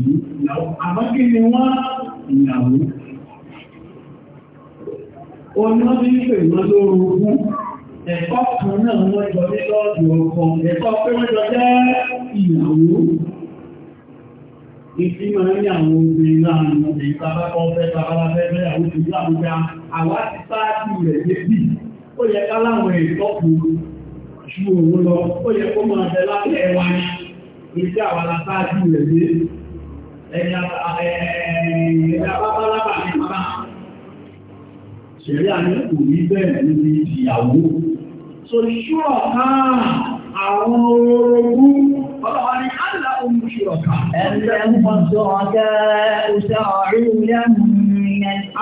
ìyàwó àmọ́ kí ni wọ́n ìyàwó oná ní ìpèmọ́ lóru fún ẹ̀kọ́ kan náà wọ́n jọ ní lọ́ọ̀dù ọkọ̀ ẹ̀kọ́ pé wọ́n jọ jẹ́ ìyàwó ìfí máa ní àwọn obìnrin láàrin obìnrin tàbákọ́ fẹ́ tàbáláfẹ́ fẹ́ àwọn òṣèlú àwùjá àwa ti sáájú rẹ̀ débì ó yẹ ká láwọn ìtọ́kù ju òun lọ ó yẹ kó máa jẹ lábẹ́ ẹwà ní ìdí àwọn alásáájú rẹ̀ dé ẹ̀yà bábálábà ní bàbá ṣẹ̀rí àní kò rí bẹ́ẹ̀ níbi ìyàwó so ṣúrọ̀ káà àwọn orogún ọlọ́wà ní àlà ohun ṣúrọ̀ káà ẹ̀lẹ́ mọ́ tó ọ̀gá òṣà ọ̀rí lẹ́nu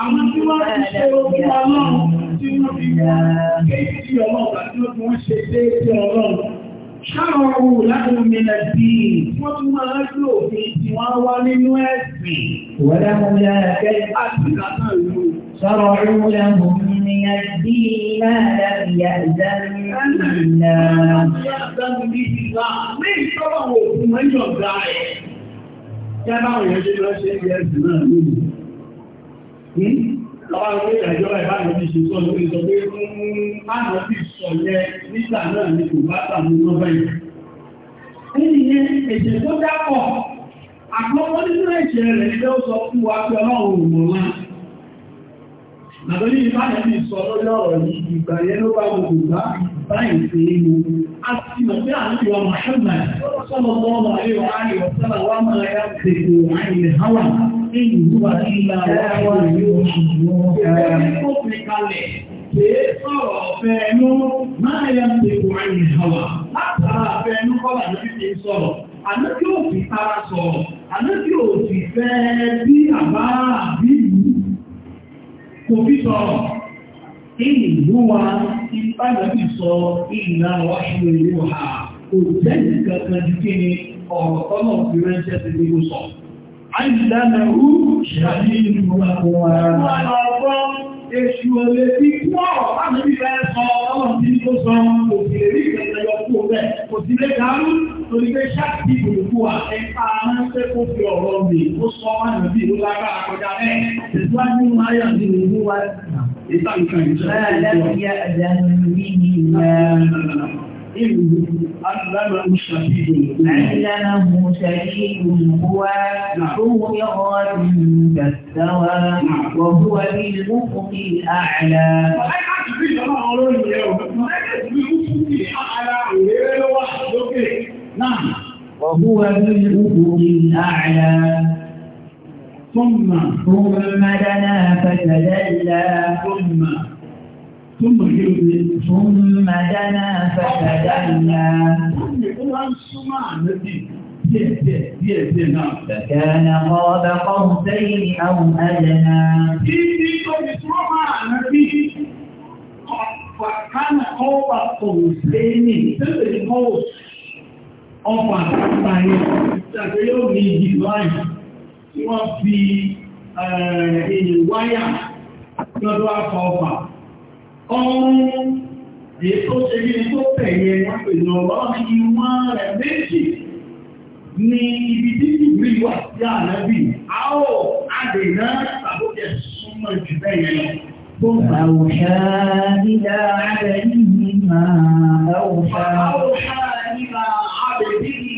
Àwọn tí wọ́n ti ṣe ogun ọlọ́run tí wọ́n fi wọ́n kéèkì ọlọ́run àti wọ́n ṣe déédé ọlọ́run. Ṣáwọn ohun láti mìíràn bí wọ́n tún máa rájú òfin tí wọ́n wá nínú ẹ̀sìn. Wọ́n dákọ̀ شرعوا لهم من الدين ما لم يأذن الناس Jẹ́báwọn èèyàn ṣe lọ ṣe ẹgbẹ̀ẹ́ ẹ̀sìn náà lónìí. Lọ́wọ́ ní ìdájọ́ ìbáyọ̀ ti ṣe sọ lórí sọ pé fún ààrùn ti sọ yẹ nígbà náà ni kò bá tàbí lọ́bẹ̀ Ẹni yẹn ẹ̀ṣẹ̀ tó dápọ̀, àkọ́kọ́ nínú ẹ̀ṣẹ̀ rẹ̀ ló sọ fún wa pé Nàbẹ́lì ìbáyẹ̀mí sọ lórí ọ̀rọ̀ yìí ìgbà yẹn ló bá gbogbo bá báyìí sí inú. A ti mọ̀ pé àríwá Muhammad sọ́mọ̀ mọ́mọ̀ àríwá àríwá sọ́lá wá máa yá tètè àìlè háwà ní ìlúwà ìlà wáwá yóò ṣùgbọ́n. Ó fi kalẹ̀ pé sọ̀rọ̀ ọ̀fẹ́ ẹnu máa yá tètè àìlè háwà. Látara àfẹ́ ẹnu kọ́là ní fífi sọ̀rọ̀. Àná tí ò fi tara sọ̀rọ̀. Àná tí ò fi fẹ́ bí àbá àbí ìlú kò fi sọ ìlúwa ìbánàbí sọ ìlà wáṣọ ìlú ha kò tẹ́lì kankan ju kí ni ọ̀rọ̀ tọ́lọ̀ fi ránṣẹ́ sí gbogbo sọ. àìlànà rú ṣàbí ìlú wa kò wà lọ́gbọ́n èṣù olè tí wọ́n bá mi fẹ́ sọ ọlọ́run tí ó sọ kò sì lè rí ìkẹta yọ torí pé ṣáàtì ìgbòkú àtẹ́pá máa ń pẹ́ kó fi ọ̀rọ̀ mi ó sọ wá nà bí ó lágbára kọjá bẹ́ẹ̀ ìtìwájú ní ìlú wa ìtàkùn ìjọba علمه شديد علمه شديد هو ذو مرة فاستوى وهو بالأفق الأعلى. نعم وهو الأفق الأعلى ثم ثم دنا فتدلى ثم ثم ثم دنا فتدلى فكان قاب قوسين أو أدنى فكان قاب قوسين ọpa àtàkùnbà yẹn tàbí yóò ní ìdí láì tí wọ́n fi èyí eh, wáyà lọ́dọ̀ afọ ọpa ọrún èyí tó ṣe bí tó tẹ̀yẹ wọ́n pè lọ lọ́rin ìwọ̀n rẹ̀ méjì ní ibi tí ìwé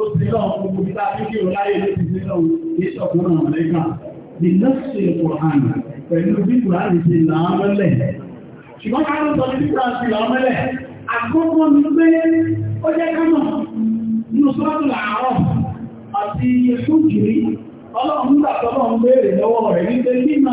ó ti lọ gbogbo bí láti kí o láyé ló ti sílọ ní ṣọ̀kúnrán ọ̀lẹ́gbà ní lọ́sí ẹ̀kọ́ àmì pẹ̀lú bí kùránì ti làámọ́lẹ̀ ṣùgbọ́n ká ló sọ bí kùránì ti làámọ́lẹ̀ àkọ́kọ́ ni pé ó jẹ́ kánà nínú sọ́ọ̀tù làárọ̀ àti ẹ̀kọ́ kiri ọlọ́run nígbà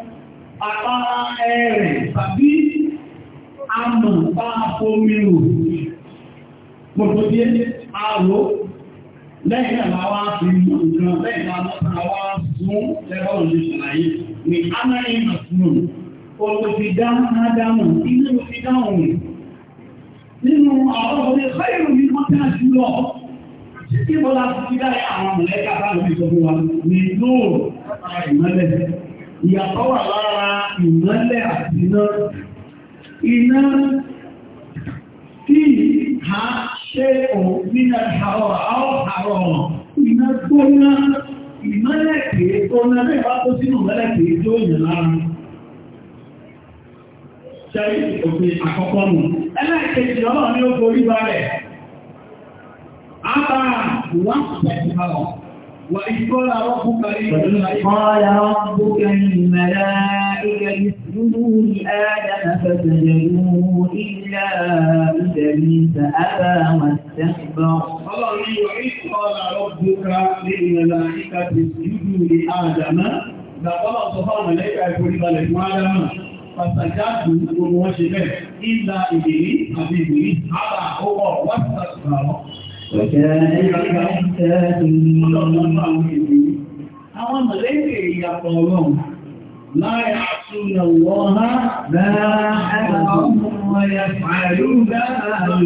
àtàrà ẹ̀rẹ̀ tàbí àmọ̀ bá fomi rò gbogbo bí àrò lẹ́yìn àwá fi mọ̀ nǹkan lẹ́yìn àwá fún lẹ́bọ̀ ní ṣàlàyé ni anáyé màtúrùn olè fi dáhùn inú fi dáhùn nínú àwọn ọmọdé fẹ́rù ní mọ́tà jùlọ títí bọ́lá ti dáyé àwọn mọ̀lẹ́kà bá lọ́pẹ́ ìjọba ní ìyàtọ̀ wà lára ìmọ́lẹ̀ àti iná iná tí ha ṣe òun nínú àwọ̀ àwọ̀ iná gbóná ìmọ́lẹ̀ kìí gbóná bẹ́ẹ̀ bá tó sínú ìmọ́lẹ̀ kìí tó yàn lára ṣe òfin àkọ́kọ́ mú ẹlẹ́ẹ̀kejì ọlọ́run ni ó forí balẹ̀ Abba, wọ́n pẹ̀lú àwọn. وإذ قال ربك للملائكة اسجدوا لآدم فسجدوا إلا إبليس أبى واستكبر قال ربك اسجدوا لآدم يقول لك آدم فسجدوا إلا إبليس أبي واستكبر Àwọn mọ̀lẹ́kẹ̀ ìyàpọ̀ ọlọ́run láyé àtúnyà wọ́n ha dáadáa àwọn ọmọ ya pàálù dáadáa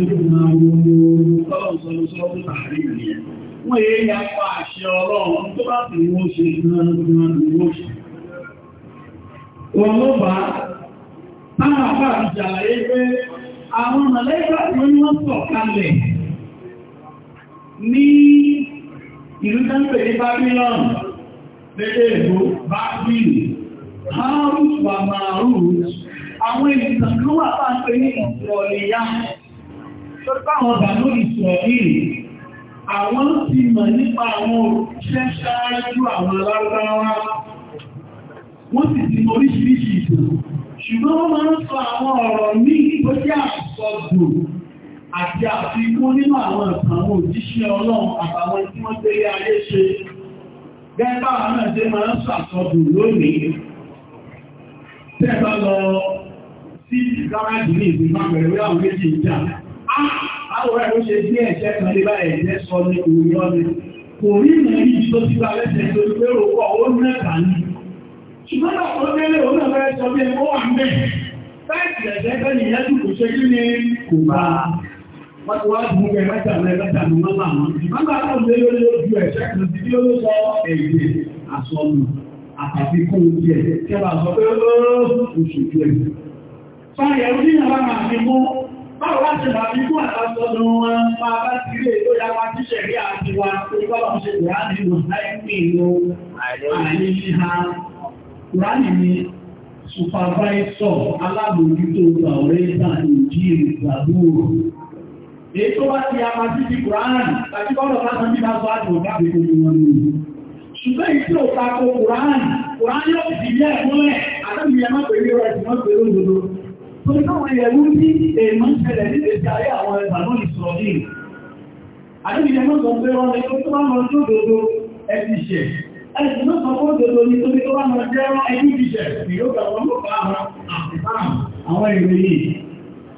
Wọ́n yé ya pa àṣẹ ọlọ́run tó bá fi wọ́n ṣe ní ìlú tánpẹ̀ ní Babylon lẹ́lẹ́ ìlú Babylon harus wa marus àwọn ìtàn ló wà bá ń pè ní ìsọ̀lẹ̀yà tó báwọn bàánú ìsọ̀lẹ̀ àwọn ti mọ̀ nípa àwọn òṣìṣẹ́ ṣáájú àwọn alárúgbáwá wọ́n sì ti oríṣiríṣi ìtàn ṣùgbọ́n wọ́n máa ń sọ àwọn ọ̀rọ̀ ní ìgbójá àṣọ́gbò àti àfikún nínú àwọn ìtàwọn òjíṣẹ́ ọlọ́run àtàwọn tí wọ́n tẹ́lé ayé ṣe gẹ́gbà náà jẹ́ máa ń ṣàtọ́dù lónìí tẹ́ẹ̀bá lọ sí ìgbáradì ní ìlú mápẹ̀rẹ̀ àwọn méjì ìjà àwọn ẹ̀rọ ṣe bí ẹ̀ṣẹ́ kan lé báyìí ẹ̀ṣẹ́ sọ ní òwúrọ̀ ni kò rí ìrìn yìí tó ti gba lẹ́sẹ̀ tó pé òkú ọ̀hún mẹ́ta ni ṣùgbọ́n náà ó délé òun náà fẹ́ sọ bí ẹ̀kọ́ wà ń bẹ̀ láìsí ẹ̀ṣẹ́ fẹ́ nìyẹn tí kò ni kò bá wọ́n ti wá bú kẹ mẹ́ta mẹ́ mẹ́ta ní mọ́mà wọn. Mọ́mà náà lé lórí ojú ẹ̀ṣẹ́ kan sí yóò sọ èdè àsọnù àtàbí kó o jẹ kẹwàá sọ pé ó oṣù jẹ. Fáyẹ̀ orí ìyàwó máa fi mú báwo wá ṣe máa fi mú àtàsọnù wọn máa bá ti rí èdè ìyàwó àti ṣẹ̀rí àti wa tó bá wọn ṣe kò ráàdì wọn láì pín inú àìní ha. Kùránì ni supervisor alábòójútó gbàwé ìgbà ìjì ìgbàgbó èyí tó bá ti apá sí ti kùránì tàbí kọ́lọ̀ láti bí bá sọ àti òkà pẹ̀lú wọn ní ìlú ṣùgbọ́n ìtí ò tako kùránì kùránì ó ti bí ẹ̀kúnlẹ̀ àtàbí ẹmọ́ pẹ̀lú rẹ̀ tí wọ́n pẹ̀lú òdodo tó ní káwọn ẹ̀rú ní èèmọ́ ṣẹlẹ̀ ní ìgbésí ayé àwọn ẹgbà náà ní sọ̀rọ̀ ní àdébí ẹmọ́ sọ pé wọn lẹ́kọ́ tó bá lọ sí òdodo ẹ ti ṣẹ̀ ẹ̀sìn náà sọ pé òdodo ní tó bí tó bá lọ jẹ́ ẹni ti ṣẹ̀ ìyókè àwọn ọlọ́pàá àwọn àtìbá àwọn ìròyìn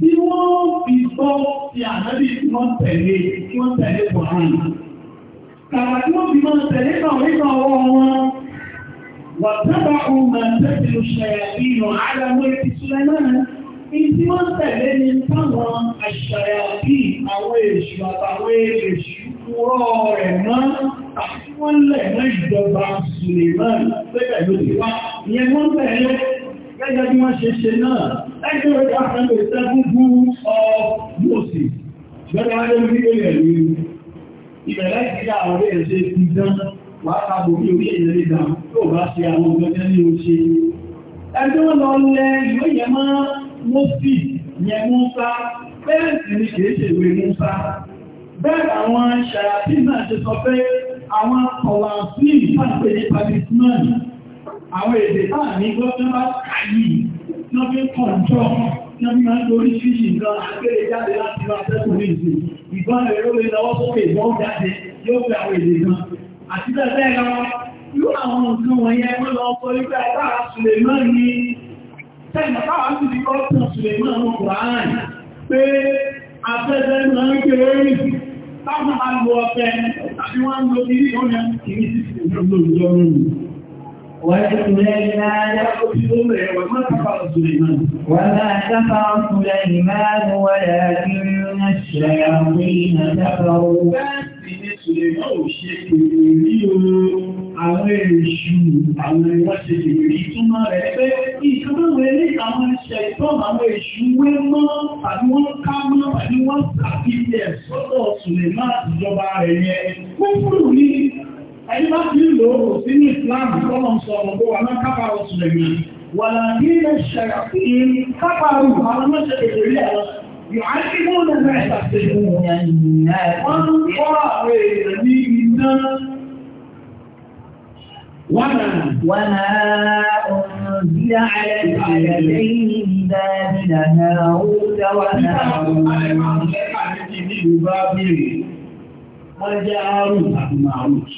tí wọ́n fi gbọ́ ti ànábì tí wọ́n tẹ̀lé tí wọ́n tẹ̀lé pọ̀ náà. Kàrà tí wọ́n fi máa tẹ̀lé náà nípa ọwọ́ wọn, wà tábà ohun máa tẹ̀lé ṣe ìrọ̀ aláwọ̀ ètí Sulemana. Ìtí wọ́n tẹ̀lé ni táwọn àṣàyà bí àwọn èṣù àtàwọn èṣù kúrọ̀ rẹ̀ mọ́ àti wọ́n lẹ̀ mọ́ ìjọba Sulemana pẹ́lẹ̀ ló ti wá. Ìyẹn wọ́n tẹ̀lé gẹ́gẹ́ bí wọ́n ṣe ṣe náà ẹgbẹ́ ìwé àfẹ́lẹ̀ seven books of Moses gbẹ́gbẹ́ wáyé ní ilẹ̀ rí ìbẹ̀rẹ̀ ìgbìyà àwọn ilé ẹ̀ṣẹ́ ti dán wà káàbò bí orí èdè lè dàn tó bá ṣe àwọn ọgbẹ́gbẹ́ ní oṣe ẹgbẹ́ wọn lọ lẹ ìwé yẹn mọ́ Moses yẹn Musa bẹ́ẹ̀ sì ni kìí ṣe ìwé Musa bẹ́ẹ̀ àwọn ṣàyàtì náà ṣe sọ pé àwọn kọ̀wà sí ìpàdé Palestine àwọn èdè táà ní gbọ́nà bá kàyí náà fi kọ̀ǹtọ́ náà fi máa ń dorí ṣíṣì nǹkan àgbèrè jáde láti máa tẹ́kù ní ìsì ìgbọ́n ẹ̀rọ lè lọ́wọ́ sókè ìwọ́n jáde yóò fẹ́ àwọn èdè kan àti bẹ́ẹ̀ bẹ́ẹ̀ lọ irú àwọn nǹkan wọ̀nyẹn wọ́n lọ sọ wípé àtàrà Suleiman ní tẹ́lẹ̀ táwọn sì ti kọ́ tàn Suleiman Kùrán pé afẹ́fẹ́ máa ń kéré táwọn máa lo ọ̀fẹ́ tàbí wọ́n ń lo ilé ìrọ́lẹ̀ وسليمان وما كفر سليمان ولكن الشياطين كفروا Àwọn èṣù àwọn ìwọ́sẹ̀ ìrì túnmọ̀ rẹ̀ pé ìṣọ́lọ́wẹ̀ ní àwọn iṣẹ́ ìtọ́m àwọn èṣù wé mọ́ àbí wọ́n ká mọ́ àbí wọ́n sàbí ilẹ̀ sọ́tọ̀ Sùlẹ̀má ìjọba Wọ́n fúrù ní ẹni bá ti lò ó sí ní Islam kọ́nà sọ ọ̀gbọ́n wa náà kápá oṣù rẹ̀ yìí wà láti ilé ṣẹ̀yà sí i kápá oṣù àwọn mọ́ṣẹ́ kékeré àwọn yòókìmọ́ náà ẹ̀ta ṣe wọ́n ń kọ́ àwọn èèyàn ní iná وما أنزل على العالمين إذا من هاروت وهاروت وجاروا بالمعروف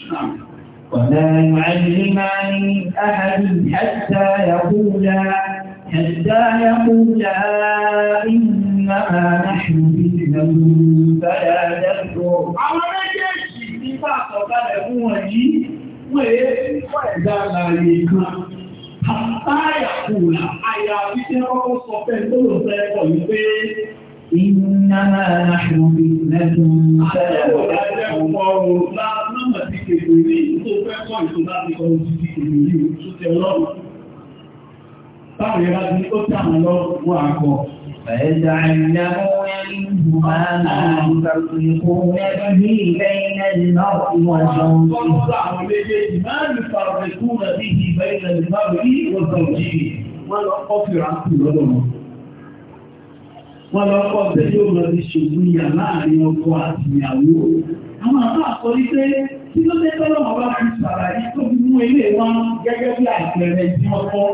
ولا يعلمان من أحد حتى يقولا حتى يقولا إنما نحن فتنة فلا تكفر Àtàyàkùnà àyàfi tí wọ́n kọ́ sọ pé tó lò fẹ́ pọ̀ ní pé إنما نحن فتنة Báwọn yẹra ti ó tí àwọn lọ wọ́n àkọ́. Ẹ̀ẹ́dà ìyàwó ẹ̀yìnbù máa náà ń gbàgbé fún ẹgbẹ́ bí ilẹ̀ ilẹ̀ náà tí wọ́n jọ ń bí. Ọjọ́ àwọn méjèèjì máa ń fa ọ̀rẹ́kú rẹ̀ bí ìbẹ̀ ilẹ̀ ìbáwẹ̀ yìí ó sọ̀rọ̀ yìí. Wọ́n lọ kọ́fì ránkù lọ́dọ̀ wọn wọ́n lọ pọ̀ bẹ̀ yóò lọ sí ṣògbìyà láàrin ọkọ àti ìyàwó. Àwọn àbá àkọlí pé kí ló dé tọ́lọ̀ wọn bá fi ṣàlàyé tó fi mú ilé wọn gẹ́gẹ́ bí àpẹẹrẹ tí wọ́n kọ́.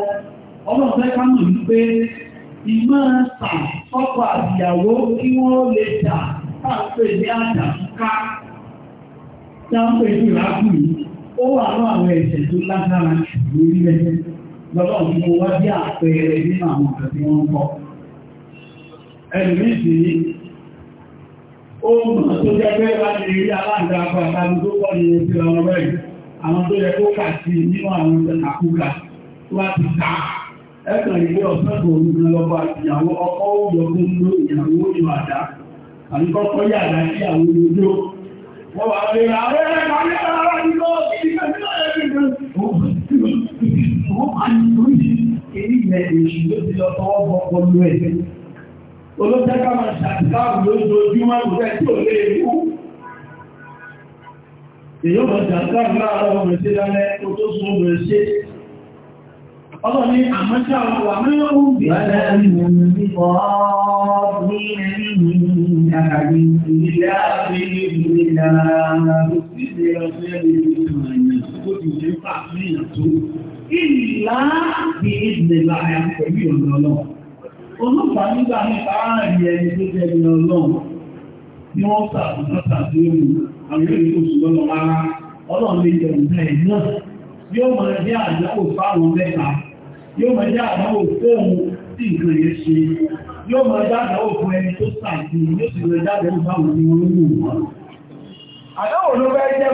Ọlọ́run fẹ́ ká mọ̀ wípé ìmọ̀ ta ọkọ àti ìyàwó kí wọ́n lè dà káàpé ní àjàkúká dáńpé ìràkù yìí. Ó wà lọ àwọn ẹ̀ṣẹ̀ tó lágbára jù lórí rẹ̀. Lọ́lọ́run fún wa bí àpẹẹrẹ nínú àwọn ọ̀dọ́ tí wọ́n kọ́ ẹ̀lùmíìsì ó mọ̀ tó jẹ́ pé bá ti rí aláǹdà àpàtàkì tó pọ̀ ní ojú ọmọ rẹ̀ àwọn tó yẹ kó kà sí nínú àwọn àkúkà láti ta ẹ̀kàn ilé ọ̀sẹ́kọ̀ orúkọ lọ́pọ̀ àti àwọn ọkọ̀ òyọ̀ tó ń lò ìyàwó olóńtẹ́ká máa ṣàtìkáàbù lójoojúmọ́ ìgbẹ́ tí ò lè kú èyí ò máa láàárọ̀ ọmọ ìṣẹ́ lálẹ́ tó tó sún ọmọ ìṣẹ́ ọlọ́ ní àmọ́ṣà wà mẹ́rún bí i Ìlà bí ìdìlà àyàkọ̀ bí ọ̀nà olùfà nígbà nípa ààrẹ ẹni tó jẹ́ ẹni ọlọ́run bí wọ́n sàtúnṣọ́ tàbí omi àwọn ìlú òṣùlọ́lọ́ ara ọlọ́run lè jẹ ìgbà ẹ̀ náà yóò mọ̀ jẹ́ àdáwò fáwọn mẹ́ta yóò mọ̀ jẹ́ àdáwò fóòmù tí nǹkan yẹn ṣe yóò mọ̀ jẹ́ àdáwò fún ẹni tó sàtì yóò sì mọ̀ jẹ́ àdáwò fáwọn ní wọn lù wọ́n. àdáwò ló fẹ́ jẹ́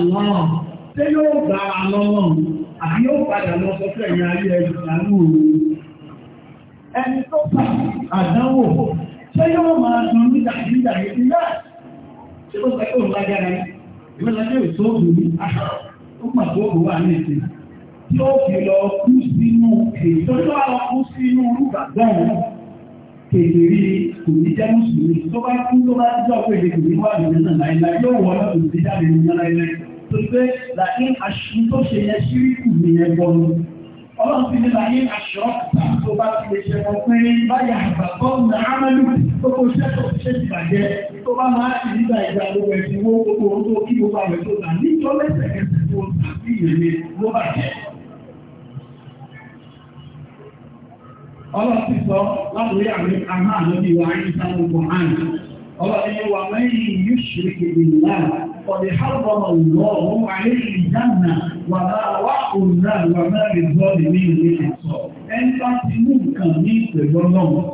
fóòmù tí Ṣé yóò gbà wà lọ́wọ́ àbí yóò padà lọ sọ fún ẹ̀yìn ayé ẹ̀yìn ìdánwò rẹ̀? Ẹni tó pa àdánwò, ṣé yóò máa dùn ní ìdàgbìdà ìdí náà? Ṣé ó sọ pé òun lágbára ni? Ìwé lọ́jọ́ ètò òògùn ní aṣọ, ó mà tó òògùn wà ní ìsìn. Tí ó fi lọ kú sínú ètò tó wà lọ kú sínú olùgbàgbọ́ wọn. Kèdèrí kò ní jẹ́ Mùsùlùmí tó bá kú tó bá jọ́ pé èdè kò ní wà nínú náà láìláì yóò wọ́n lọ́dún sí jáde nínú láìláì torí pé làkín àṣì tó ṣe yẹ ṣíríkù nìyẹn gbọ́nu ọlọ́run ti ní làkín àṣì ọ̀pá tó bá ti lè ṣe wọn pé báyà àgbàgbọ́ ní amẹ́lú gbogbo iṣẹ́ tó ṣe ti bàjẹ́ tó bá máa ti nígbà ìgbà gbogbo ẹ̀sìn wo gbogbo ohun tó kí gbogbo àwẹ̀ tó gbà níjọ́ lẹ́sẹ̀kẹsẹ̀ tó tàbí ìrèlè ló bàjẹ́ ọlọ́pì sọ láwùrí àwọn àmà àlọ́bí wa ní sáwọn ọkọ̀ àrùn ọlọ́pì wa mẹ́rin yóò ṣe kéde láàrín قد حرم الله عليه الجنة وما وعوا النار وما للظالمين من أنصار ẹni bá ti mú nǹkan ní ìpẹ̀lú ọlọ́run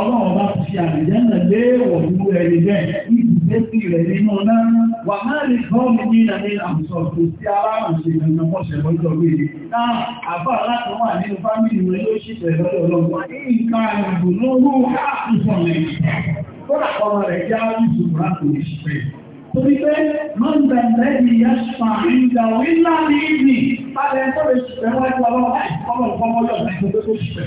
ọlọ́run bá ti fi àlìjẹ́nà lé ọ̀dúnwó ẹni bẹ́ẹ̀ ìdílé rẹ̀ nínú náà wà máa lè gbọ́ ní ìlànà àmùsọ̀ kò sí aláàmùsẹ̀ ìrìnà mọ́ṣẹ̀ lọ́jọ́ lóye náà ah, àbá Torí pé mọ́ǹdà lẹ́yìn yẹ́sùn ìgbà wíńdà ní ìdí, pàdé tó lè ṣùgbẹ́ wọ́n ẹ̀kọ́ lọ́wọ́ ọmọ ìfọmọ́ yọ̀ ní ìgbẹ́ tó ṣùgbẹ́.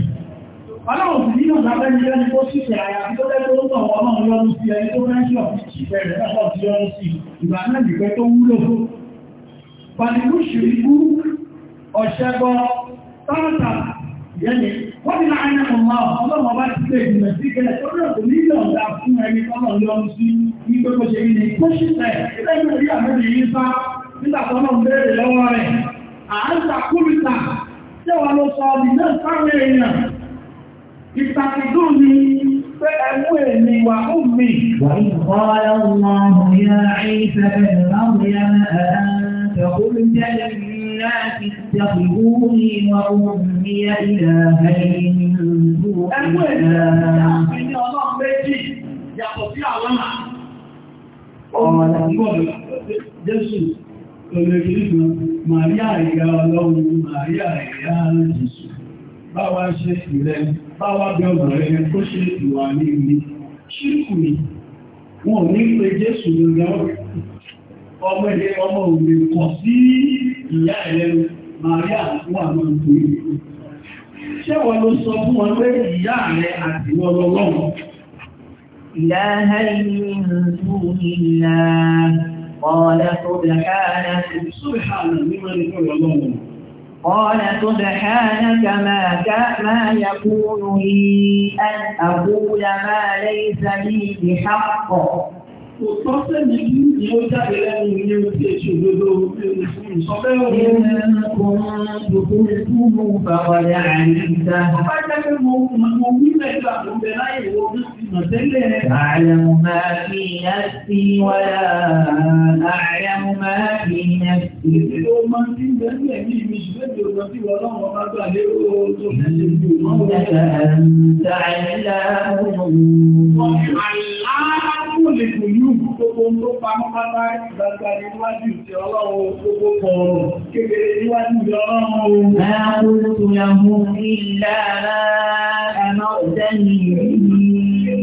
Ọlọ́run sì nínú ọ̀gá bẹ́ni lẹ́ni tó ṣùgbẹ́ àyà tó lẹ́ tó lọ́wọ́ ọlọ́run yọ́nu sí ẹni tó rẹ́ńṣì ọ̀fíì ṣìfẹ́ rẹ̀ lọ́pọ̀ sí ọ̀run sí ìgbà náà nìgbẹ́ tó wúlò fún. Pàdé lóṣù ikú ọ̀ṣẹ́gbọ́ tọ́ọ̀tà yẹ́ni wọ́n ti láàárín náà mọ̀ ọlọ́run ọba ti tẹ̀ ìgbìmọ̀ sí kẹlẹ̀ tó rẹ̀ kò nílò ọ̀dà fún ẹni tọ́lọ̀ yọnu sí ní gbogbo ṣe ní kóṣìṣẹ́ ẹgbẹ́ orí àmọ́bì yìí bá nígbà tó náà béèrè lọ́wọ́ rẹ̀ à ń ta kúrìtà tí wọ́n lọ sọ ọdún náà sáré èèyàn ìtàkìdú ni pé ẹmú èmi wà ó mi. wọ́n kọ́ ọlọ́run الناس اتخذوني وأمي إلهين من دون الله Olèkìlìkì Màríà ìyá ọlọ́run, Màríà ìyá Jésù, bá wá ṣe ìrẹ, bá wá bẹ ọmọ rẹ kó ṣe ìwà ní ilé. Ṣíkù ni, wọn ò ní pé Jésù lórí ọmọ ẹ̀yẹ ọmọ òun lè kọ̀ ìyá ẹ̀lẹ́nu Maria wà náà tó yìí. Ṣé wọ́n ló sọ fún wọn pé ìyá rẹ̀ àti wọ́n lọ́wọ́? إله من دون الله قال سبحانك سبحانك لمن يقول الله قال سبحانك ما ما يكون لي أن أقول ما ليس لي بحق kò tọ́ sẹ́mi ni ó jáde lẹ́nu ní ojú èṣù òdodo ìsọ̀fẹ́ òní ọkùnrin gbogbo ìkúrú bàwàdà àìríta. Ọba jẹ́ pé mo mọ wí mẹ́ta mo bẹ láyé wo bí ti mọ̀ tẹ́lẹ̀. Àyàmù máa fi iná sí wáyà. Àyàmù máa fi iná sí. Ìṣèlú ọmọ tí ń bẹ́ẹ̀ ní ẹ̀mí mi ṣùgbọ́n tí ọ̀sán tí wọ́n lọ́wọ́ bá gbà lérò tó fi ṣe ju ìmọ̀ wọn. Ìjọba ń ta ìlà ọ̀hún. Ọ̀hún àìlá. kò lè kò yú gbogbo tó pamọ́ pátá ìgbàgbà níwájú ìtẹ́ ọlọ́run gbogbo kọ̀ọ̀rọ̀ kékeré níwájú ìtẹ́ ọlọ́run. Láàrín tó yà mú ẹ̀nà ọ̀dẹ́ni yìí.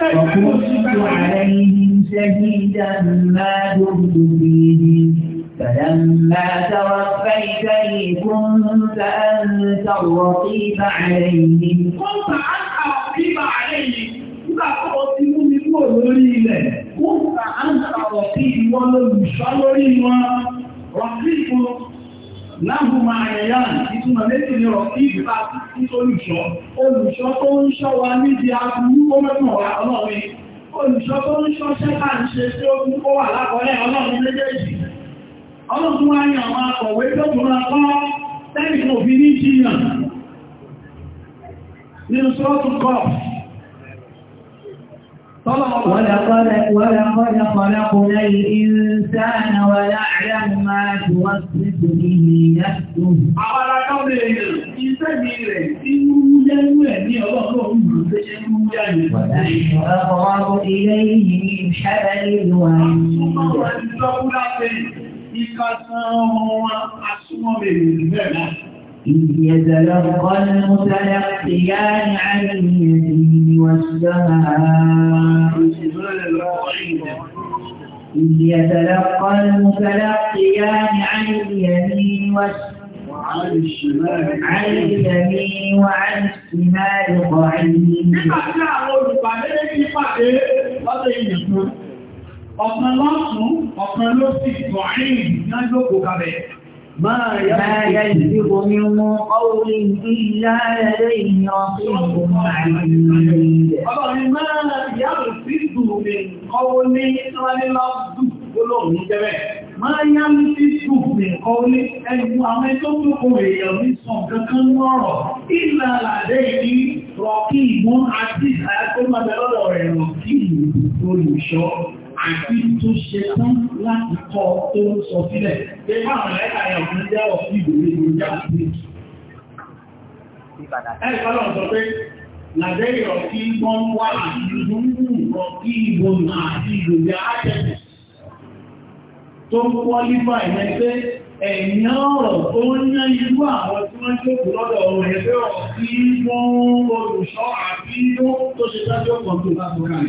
وكنت عليهم شَهِيدًا مَا دمت فيهم فلما توفيتني كنت أنت الرقيب عليهم كنت أنت الرقيب عليهم nígbà tó o ti mú mi kúrò lórí ilẹ̀ kó ta à ń ta ọ̀sìn ìwọ láàmù máa yẹ̀yà ìtumọ̀ méjì ní ọ̀pí ìbá olùṣọ́ olùṣọ́ tó ń ṣọ́ wa níbi agbúrú ó mẹ́mọ̀ wa ọlọ́rin olùṣọ́ tó ń ṣọ́ ṣẹ́ta ń ṣe tí ó kú kó wà lápọ̀lẹ́ ọlọ́rin méjèèjì ọlọ́run wá ní àwọn akọ̀wé tó kù máa kọ́ tẹ́lifù òfin ní jiyàn nínú sọ́ọ̀tù kọ́ọ̀sì ولقد ولقد خلقنا الإنسان ونعلم ما توسوس به نفسه. àwọn arákùnrin rẹ̀ iṣẹ́ mi rẹ̀ tí mú yẹ́nu ẹ̀ ní wọn asúnmọ́ bèèrè bẹ́ẹ̀ إذ يتلقى المتلقيان عن اليمين والسماء إذ يتلقى المتلقيان عن اليمين وعن اليمين وعن الشمال قعيد ọ̀pọ̀lọpọ̀ ọ̀pọ̀lọpọ̀ ọ̀pọ̀lọpọ̀ ọ̀pọ̀lọpọ̀ ọ̀pọ̀lọpọ̀ ما يلفظ من قول إلا لديه رقيب عتيد ọlọ́run máa yàrá fídù mi ọwọ́ ní ìsọ́lélọ́dún olóòrùn jẹ́rẹ̀ máa yàrá fídù mi ọwọ́ ní ẹgbù àwọn ẹjọ́ tó kò èèyàn ní sọ kankan mọ́rọ̀ ìlà àdé ìní rọ̀kí ìmú àti àyàkó máa bẹ̀rọ̀ rẹ̀ rọ̀kí àti tó ṣe tán láti kọ́ tó ń sọ sílẹ̀. Ṣé máa lẹ́ka yẹn fún jẹ́ ọ̀fí ìwé ìwé ìjà sí? Ẹ kọ́lọ̀ sọ pé làbẹ́ ìrọ̀ kí wọ́n wá àti ìdúnnú ìrọ̀ kí ìbò àti ìròyìn àjẹsì tó ń kọ́lífà ìyẹn pé ẹ̀yìn ọ̀rọ̀ tó ń yán irú àwọn tí wọ́n jókòó lọ́dọ̀ ọ̀rọ̀ ẹgbẹ́ ọ̀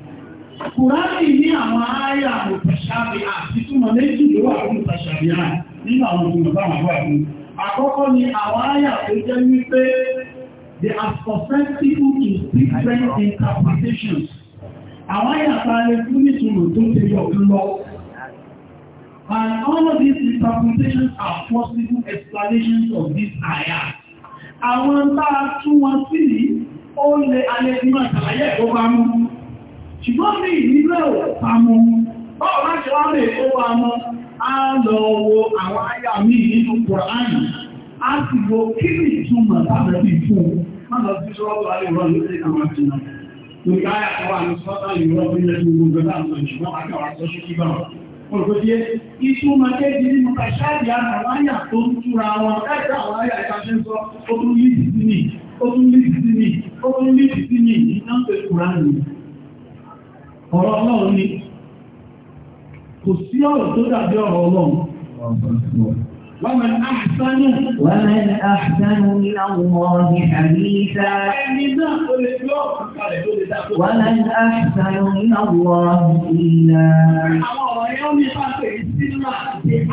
Kùránì ní àwọn ayà òtàṣàbí àti túnmọ̀ méjì ló wà fún òtàṣàbí à nínú àwọn olùgbà àwọn àwọn. Àkọ́kọ́ ni àwọn ayà tó jẹ́ wípé they are susceptible to different interpretations. Àwọn ayà tààrẹ fún nítorí tó ti yọ lọ. And all of these interpretations are possible explanations of this ayà. Àwọn bá tún wọn sí ó lè alẹ́ ìmọ̀ àtàlàyé ìgbọ́gbàmú ṣùgbọ́n ní ìnílẹ̀ òpamọ́ báwo láti wá lè kó wa mọ́ á lọ wo àwọn àyà mi nínú Kùránì á sì wo kí ni ìtumọ̀ tàbí bí fún un má lọ sí sọ́wọ́ wa lè rọ lórí àwọn àti náà lórí àyà tó wà ní sọ́tà ìrọ̀ bí lẹ́nu gbogbo náà lọ ṣùgbọ́n àkàwà sọ sí kí báwọn olùgbòdíé ìtumọ̀ kéjì nínú kàṣáàdì àmàláyà tó ń túra wọn káàkiri àwọn àyà ìkàṣẹ́ sọ ó tún lè sí ní ó tún lè sí ní ó tún lè sí ní ìdáǹtẹ̀ Kùránì ọ̀rọ̀ ọlọ́run ni kò sí ọ̀rọ̀ tó dàbí ọ̀rọ̀ ọlọ́run Wọ́n àṣánú wọ́n àṣánú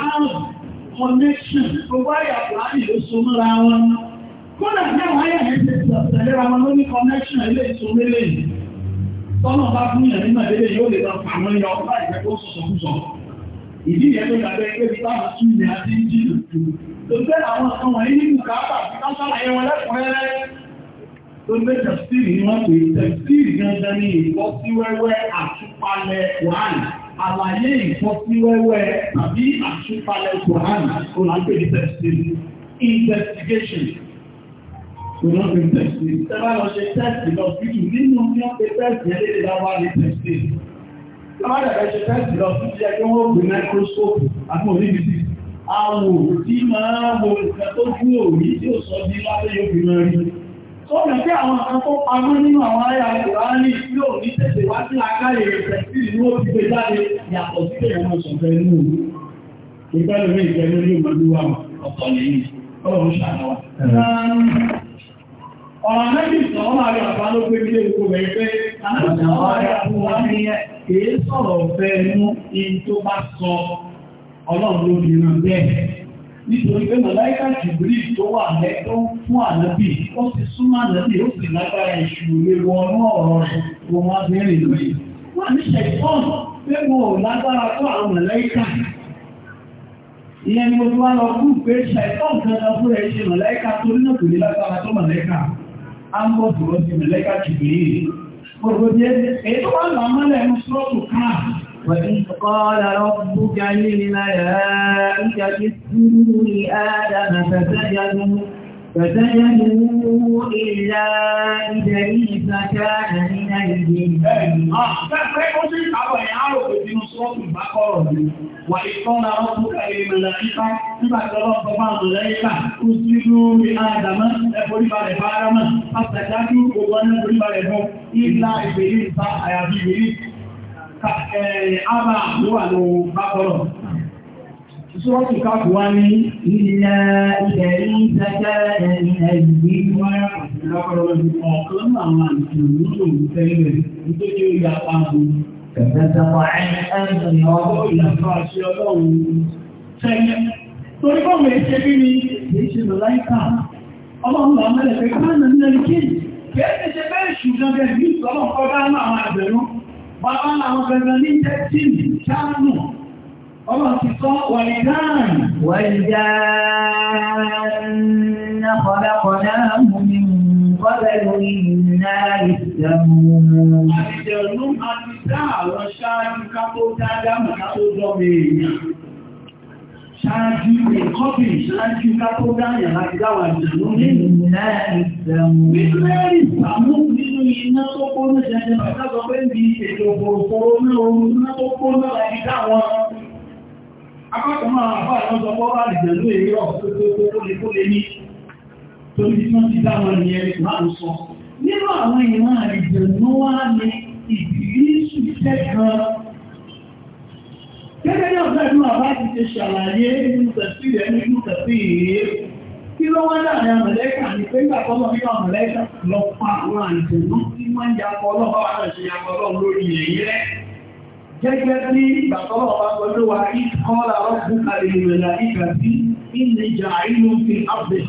Àwọn connection tó wáyà láàrín ló so mọ́ra wọn. Kọ́nà náà wáyà ní connection ilé ìsúnmílẹ̀ tọ́nà bá fún ìyàn nínú ìdílé yóò lè tàn fàmọ́ ní ọ̀pá ìfẹ́ tó sọ̀sọ̀kúsọ̀ ìdí ìyẹn tó yàgbẹ́ pé bí táwọn tún ní àti jí lùtù tó fẹ́ àwọn ọ̀sán wọ̀nyí ní bùkátà tí wọ́n sàlàyé wọn lẹ́kùnrẹ́rẹ́ tó fẹ́ tẹ̀síìrì ni wọ́n pè tẹ̀síìrì gangan ní ìfọ́síwẹ́wẹ́ àtúpalẹ̀ wàhán àlàyé investigation ṣùgbọ́n fi tẹ̀sí tẹ́bá lọ ṣe tẹ́sì lọ fíjù nínú ní ó pe tẹ́sì ẹlẹ́dẹ̀ bá wà ní tẹ̀sí láwádàá ṣe tẹ́sì lọ fíjù ẹgbẹ́ wọn pè microscope àti oníbìtì awò tí máa wo nǹkan tó jú òní tí ó sọ bí lábẹ́ yóò fi máa rí sọ́nà pé àwọn nǹkan tó pamọ́ nínú àwọn ayé àkùránì tí ò ní tẹ̀sẹ̀ wá sí akáyè tẹ̀sí ni ó ti gbé jáde yàtọ̀ sí pé ìwọ̀n ṣọ̀fẹ́ inú ìgbẹ́lùmí ìgbẹ́lú ní ìmọ̀lúwà ọ̀tọ̀ nìyí ọlọ́run ṣàlọ́wà ọ̀rọ̀ mẹ́bí sọ̀rọ̀ máa rí àbá ló pé kílé ìkó rẹ̀ pé nítorí pé màláíkà jùbírí tó wà lẹ́tọ́ fún ànábì ó ti súnmọ́ ànábì ó sì lágbára ìṣòro wọnú ọ̀rọ̀ ohun abẹ́rẹ̀ lórí wọ́n ní ṣẹ̀tọ́n pé wọ́n ò lágbára tó àwọn màláíkà ìyẹn ni mo fi wá lọ kú pé ṣẹ̀tọ́n kan lọ fún ẹ̀ ṣe màláíkà torí náà kò ní lágbára tó màláíkà áńgọ́ọ̀tù ló ti mẹ̀lẹ́kà kìbìrì gbogbo jẹ́ èyí tó wà lọ mọ́lẹ̀ ń sọ́ọ̀tù kan وإذ قال ربك للملائكة اسجدوا لآدم فسجدوا فسجدوا إلا إبليس كان من الجن wà ìfọ́nà ọkùnkà ìrìnlẹ̀lẹ́ta nígbàtọ́lọ́ ọgbọ́n àmàlẹ́ta tó sí lórí àdàmọ́ ẹ̀fọ́ríbalẹ̀ fáramọ́ pàtàkì gbogbo ẹ̀fọ́ríbalẹ̀ fún ìlà ìgbèrí ìta àyàbí ìgbèrí àbà ló wà ló bá kọ́rọ̀ Sọ́ọ̀tù káàkù wá ní ilẹ̀ ìtẹ̀rí ìtẹ́jẹ́ ẹ̀yìn ẹ̀yìn wọ́n rẹ̀ pàtàkì lọ́kọ̀ọ́rọ̀ ọ̀kan àwọn àìsàn ní òun fẹ́ rẹ̀ nítorí ó yà pa àwọn Torí bọ́ mẹ́ ṣe bí ni ìṣe lọ láìka, ọlọ́run àwọn ẹ̀lẹ̀ pẹ̀lú àwọn ẹ̀lẹ̀ kí kẹ́ẹ̀ẹ́ ṣe bẹ́ẹ̀ ṣùgbọ́n bẹ̀rẹ̀ ní ìsọ́lọ̀ ọ̀gá àwọn àbẹ̀rún, bàbá àwọn bẹ̀rẹ̀ ní tẹ́tìmì, ṣáàmù, ọlọ́run ti sọ قبل إنا يسلمون Àjẹ̀lú àti dá àwọn ṣáájú ká tó dáadáa mọ̀ ká tó jọmọ èèyàn. Ṣáájú ìkọ́bì ṣáájú ká tó dáyà láti dáwà ìjẹ̀lú nínú iná ìsẹ̀mù. Nílẹ̀ ìsàmú nínú iná tó kóná jẹjẹ bàtà sọ pé ní ètò òpòròpòrò ní oòrùn iná tó kóná láti dáwọn. Akọ́kùnrin àwọn àbá àwọn ọ̀sọ̀pọ̀ torí tí wọ́n ti dá wọn ní ẹni máa ń sọ. Nínú àwọn ìran àìjẹ̀nú wá ní ìdílísù iṣẹ́ kan. Gẹ́gẹ́ bí ọ̀gá ìlú àbá ti ṣe ṣàlàyé nínú tẹ̀sí rẹ̀ nínú tẹ̀sí ìrè. Kí ló wá láàrin àmọ̀lẹ́kà ní pé nígbà tó lọ́ọ́ nígbà àmọ̀lẹ́kà lọ pa àwọn àìjẹ̀nú tí wọ́n ń yakọ ọlọ́ọ̀bá wà lọ́ọ́ ṣe yakọ ọlọ́ọ̀ lórí ẹ̀yìn rẹ̀. Gẹ́gẹ́ bí ìgbà tó lọ́ọ́ bá pẹ̀lú wa kí kọ́ làwọn bùkà ìrìnlẹ̀ ìgbà tí ìlẹ̀ ìjà àìlú fi ábẹ́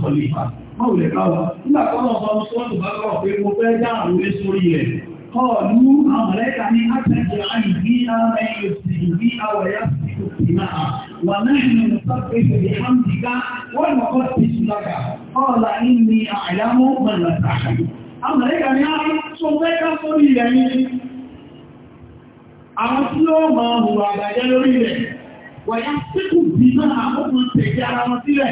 máwùlẹ̀ káwà nígbà tó lọ sọ sọ́ọ̀lù bá kọ̀ pé mo fẹ́ dá àwọn ilé sórí rẹ̀ kọ́ ní àmọ̀lẹ́ka ní àtẹ̀jẹ̀ àyè bí ara ẹ̀yọ̀ sí bí awọ̀ ẹ̀yà sí òkè náà wà náà ní sáfẹ́ ìfẹ̀lẹ̀ hàmdìká tí ó máa hùwà àgbàjẹ́ lórí rẹ̀ wà yá sí òkè náà ó mọ̀ tẹ̀jẹ̀ ara wọn sílẹ̀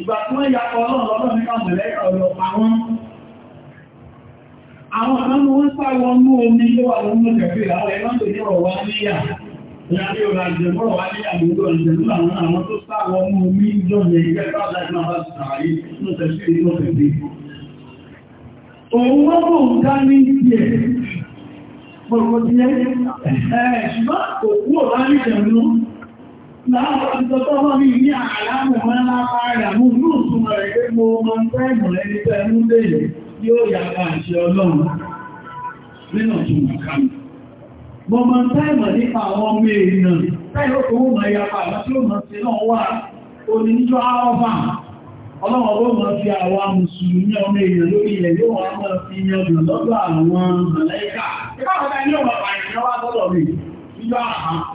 ìgbà tí wọ́n ya ọlọ́run lọ́dọ̀ nípa mẹ̀lẹ́kà ọ̀rọ̀ àwọn àwọn kan wọ́n sá wọn mú omi tó wà lọ́nà kẹfẹ́ àwọn ẹ̀rọ tó ní ọ̀wá níyà láti ọ̀rọ̀ àjẹmọ́rọ̀ wá níyà lóòrò àjẹmọ́ àwọn àwọn tó sá wọn mú omi jọ ní ẹgbẹ́ bá láti máa bá sàárì ní tẹ̀sí ìlú kẹfẹ́ òun wọ́n mọ̀ ń dá ní tiẹ̀ gbogbo tiẹ̀ ṣùgbọ́n òkú ọ̀rọ̀ àjẹmọ́ láàrín ìjọba wọ́n ní ní àlámọ̀ wọn lápá rẹ̀ mú ní òṣùmọ̀ rẹ̀ pé mo mọ́ ń fẹ́ ìmọ̀ kan. Mo mọ́ ń fẹ́ ìmọ̀ nípa àwọn ọmọ èèyàn tẹ́lẹ̀ tó mọ̀ yàpá àti ó mọ̀ sí náà wà oníjọ́ àwọ́fà ọlọ́wọ́ ló mọ̀ fi àwọn mùsùlùmí ọmọ èèyàn lórí ilẹ̀ yóò wọ́n mọ̀ fi yànjọ lọ́dọ̀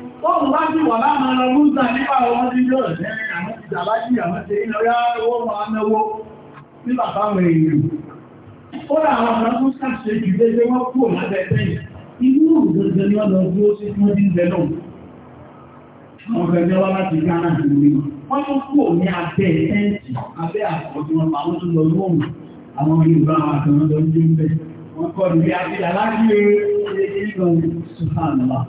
Tọ́rù bá ti wà láàmà lọ lúúta nípa ọmọ tí yóò lẹ́rin àwọn ìjàbájì àwọn ṣe iná yá owó máa náwó ní bàbá àwọn èèyàn. Ó rà àwọn ọmọ tó ṣàṣe jù léṣe wọ́n kúrò lábẹ́ tẹ́yìn. Inú òdòdó ni ọ̀nà ojú ó sì fún ní ìbẹ̀ náà. Wọ́n fẹ́ jẹ́ wá láti Ghana nìyí. Wọ́n tún kúrò ní abẹ́ ẹ̀ǹtì, abẹ́ àkọ́jú wọn, àwọn tó lọ lóhùn. Àwọn Yorùbá àwọn àtàwọn lọ ń gbé ń bẹ̀. Wọ́n kọ́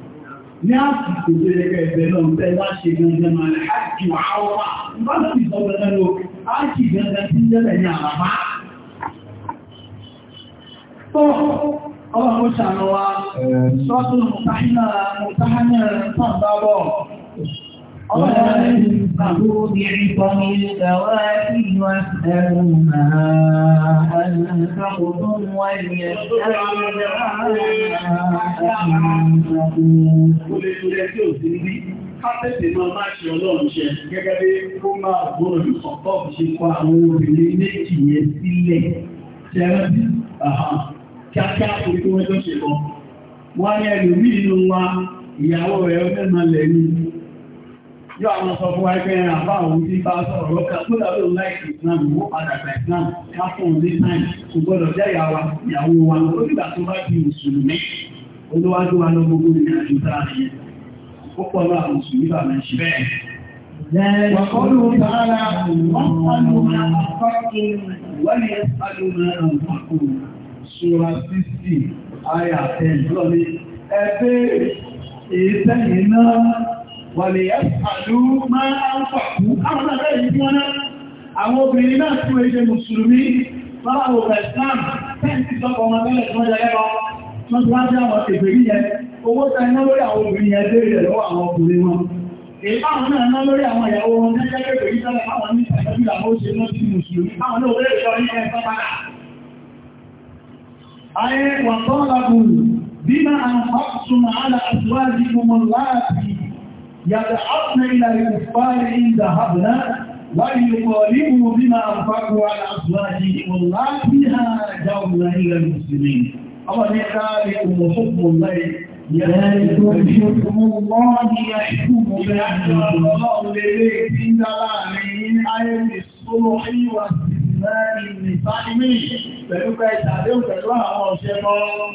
ní àsìkò tó yẹ kẹfẹ́ lọ tẹ́ wá ṣe gangan máa rẹ̀ ájì àwọn wà bá sì sọ gangan lọ ájì gangan tí jẹ́lẹ̀ ní àràmá قال انفقوا بعظم الفواكه واسألوا ما أنفقتم وليسألوا ما Kápẹ́sì máa máa ṣe ọlọ́run ṣe gẹ́gẹ́ bí kó máa gbọ́rọ̀ ìsọ̀tọ́ ṣe kọ àwọn obìnrin méjì yẹn sílẹ̀ ṣẹ́rẹ́ bí kíákíá kò tó wọ́n ṣe lọ. Wọ́n ní ẹlòmí inú wa ìyàwó rẹ̀ ọdẹ́ máa lẹ̀ ní yóò àwọn sọ fún ẹgbẹ́ àbá òun tí bá sọ̀rọ̀ lọ́kà tó dábẹ́ òun láìsí islam wọ́n padà gba islam ká fún òun ní time kò gbọ́dọ̀ jẹ́ ìyàwó ìyàwó wa ó dìgbà tó bá di mùsùlùmí olúwájú wa lọ gbogbo ìrìn àjò tá a nìyẹn ó pọ̀ lọ àwọn mùsùlùmí bá mi ṣe bẹ́ẹ̀. Wàkọ́lù tààrà wọ́n pàlù máa ń fọ́kùn wọ́n yẹ pàlù máa ń fọ́kùn ṣùgbọ́n sísì ayà ẹ̀ lọ́lẹ̀ ẹgbẹ́ èyí tẹ́yìn náà wọ̀lẹ̀ àlú máa ń pàkú àwọn àbẹ́ ìlú wọn náà àwọn obìnrin náà tí wọ́n jẹ́ mùsùlùmí bára òkè islam tẹ́ǹtì sọ́kọ̀ wọn bẹ́ẹ̀ tí wọ́n jẹ́ lẹ́kọ́ wọ́n ti wájú àwọn ìgbèrí yẹn owó ta iná lórí àwọn obìnrin yẹn léèrè lọ́wọ́ àwọn ọkùnrin wọn ìbáwọn náà ná lórí àwọn ìyàwó wọn jẹ́ jẹ́ pẹ̀lú ìtọ́lẹ̀ àwọn ní ìtàkẹ́bí àwọn ó ṣe mùsùlùmí يدعبن إلى الكفار إن ذهبنا وليطالبوا بما أنفقوا على أزواجهم واللاتي هاجرن إلى المسلمين أو ذلكم حكم الله ذلكم حكم الله يحكم بأحكام الله لليل إن من أهل الصلح واستثناء النساء منه pẹ̀lú pẹ̀lú àdéhùn pẹ̀lú àwọn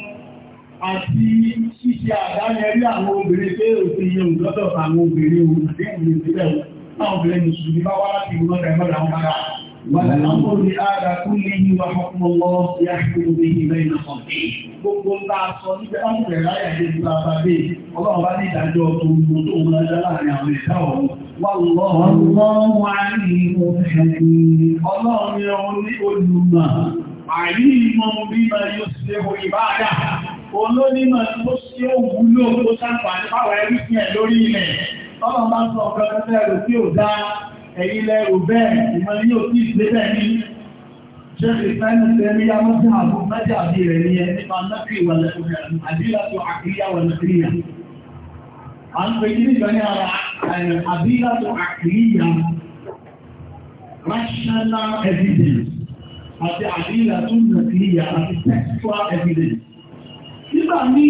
ṣe àdáyẹrí àwọn obìnrin pé òfin yẹn òjọ́tọ̀ àwọn obìnrin ohun àti ìrìn ìpínlẹ̀ àwọn obìnrin mùsùlùmí bá wá láti ìlú mọ́ta ẹ̀mọ́ta wọn bára wà láàmú ní ara kú ní ìwà ọmọlọ́ ya ṣe ní ilẹ̀ ìnàkan gbogbo ńlá sọ nígbẹ́ láti rẹ̀ láyà dé ìlú àbábé ọlọ́run bá ní ìdájọ́ tó ń mú tó ń lọ́jọ́ láàrin àwọn ẹ̀dá ọ̀hún wà lọ́wọ́ àárín ọlọ́run ni olùmọ̀ àárín ìmọ̀ bí ma yóò ṣe ìbáadà olónímọ̀ tó ṣ tí ó wúlò tó ṣàǹfààní báwa ẹrú sí ẹ̀ lórí ilẹ̀ ọmọ máa ń sọ ọ̀pẹ́ pẹ́pẹ́ rò tí ò dá ẹ̀yìn ilẹ̀ rò bẹ́ẹ̀ ìmọ̀ ní ò ìgbé bẹ́ẹ̀ ní ṣẹ́fì sáyẹ́ǹsì ẹ̀mí yá mọ́tí àbò mẹ́jọ àbí rẹ̀ ní ẹ̀ nípa mẹ́fì ìwàlẹ̀ àbílàtò àkìyà wọ̀lẹ̀ kìíyà à ń pè kíní ìgbà ní ara àbílàtò àkìyà rational evidence àti àbílàtò nàkìyà àti textual evidence nígbà míì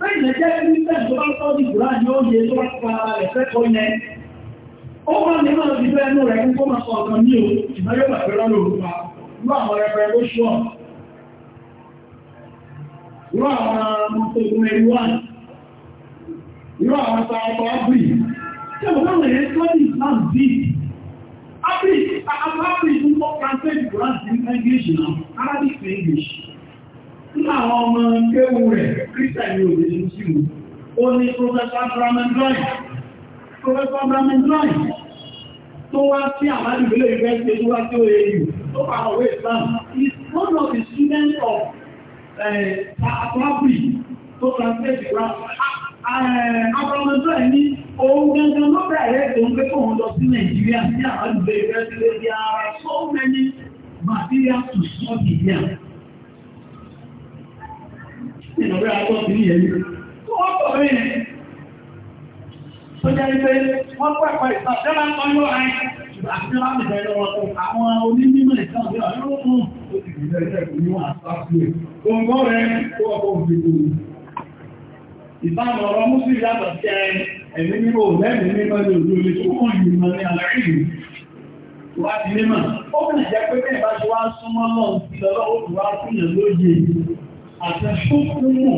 Bẹ́ẹ̀ni jẹ́ kírísẹ̀ tó bá tọ́ di Jùlá ni ó yẹ tó bá fara rẹ̀ fẹ́kọ̀ọ́ yẹn. Ó máa ní máa fi fẹ́ ẹnu rẹ̀ kó máa sọ ọ̀kan ní o, ìmọ̀ yóò bàbá lọ́nà òrùpa, irú àwọn ẹgbẹ́ ló ṣọ́. Irú àwọn ọmọkùnrin ẹni wà, irú àwọn ọmọ ọmọ ábìrì. Ṣé mo bá wọ̀nyẹn tọ́ di Islam bí? Ábìrì, àbábìrì tó kọ́ translate Quran in English now, Arabic to English. Nínú àwọn ọmọ kéwù rẹ̀, Christian ni òbí ní sí ó ní Professor Bramendroin. Professor Bramendroin tó wá sí àmàlì ìlú ìfẹ́ ṣe tó wá sí OAU tó pa ọ̀wé Islam is one of the students of eh, Akrabi tó translate ah, eh, Bramendroin ní ohun gangan ló bẹ̀rẹ̀ tó ń pé kóhun lọ sí Nàìjíríà sí àmàlì ìlú ìfẹ́ ṣe lè di ara so many materials to study here ìrọ̀lẹ́ àtọ́ sí ní ẹ̀yí. Tó wọ́n pọ̀ rí ẹ̀. Tó jẹ́ wípé wọ́n pẹ̀pẹ̀ ìsàtẹ́lá ń pọ́n lọ́ra ẹ̀. Àti láti bẹ̀rẹ̀ ọ̀tọ̀ mímọ̀. Ó kàn jẹ́ pé bẹ́ẹ̀ bá ṣe wá súnmọ́ náà sí lọ́wọ́ òkú fún ìyàn lóye àti ṣúkúrù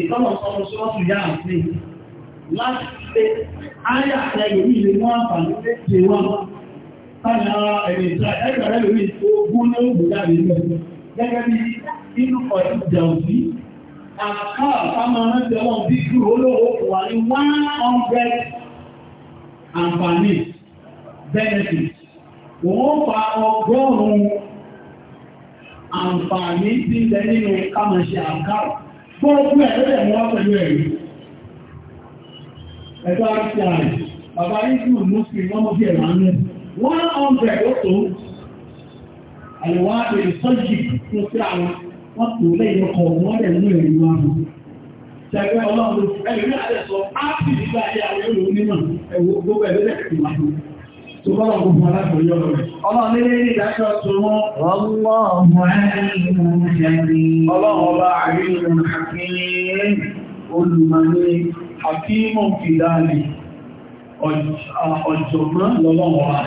ìtọ́nà sọ́nà sọ́ọ̀tù yá àti láti pé ayà ẹ̀rọ ilé wọ́n àǹfààní lẹ́tẹ̀ wọn tánà ẹ̀rẹ̀ ìta ẹ̀rọ ẹ̀rọ ìlú tó gún ní ògbò jáde lọ gẹ́gẹ́ bí inú ọ̀dí jàùsí àkọ́ àpamọ́rán jẹ́wọ́n bí jù olówó wà ní 100 àǹfààní benefit òun fa ọgọ́rùn-ún àǹfààní tí ń bẹ nínú kámọ̀ṣe àǹkárò gbogbo ẹ̀ pẹ̀lú ẹ̀rí ẹ̀tọ́ àti bàbá muslim wọ́n mọ́ ẹ̀rọ anú wọ́n ó tó àlùwá sọ́jì sí àwọn wọ́n tó lẹ́yìn ọkọ̀ wọ́n mú ẹ̀rí wọn mọ́ ṣẹ̀gbẹ́ ọlọ́run ẹ̀rí àdẹ̀sọ nígbà ayé àwọn Ṣùgbọ́n kò fún alákòóyọ́ rẹ̀. Ọlọ́run ní ní ìdájọ́ tó wọ́n. Ọlọ́run ọba àríyìn àkíyìn olùmọ̀ní àkíyìmọ̀ fìdáàlì ọ̀jọ̀gbọ́n lọ́lọ́wọ́ wa.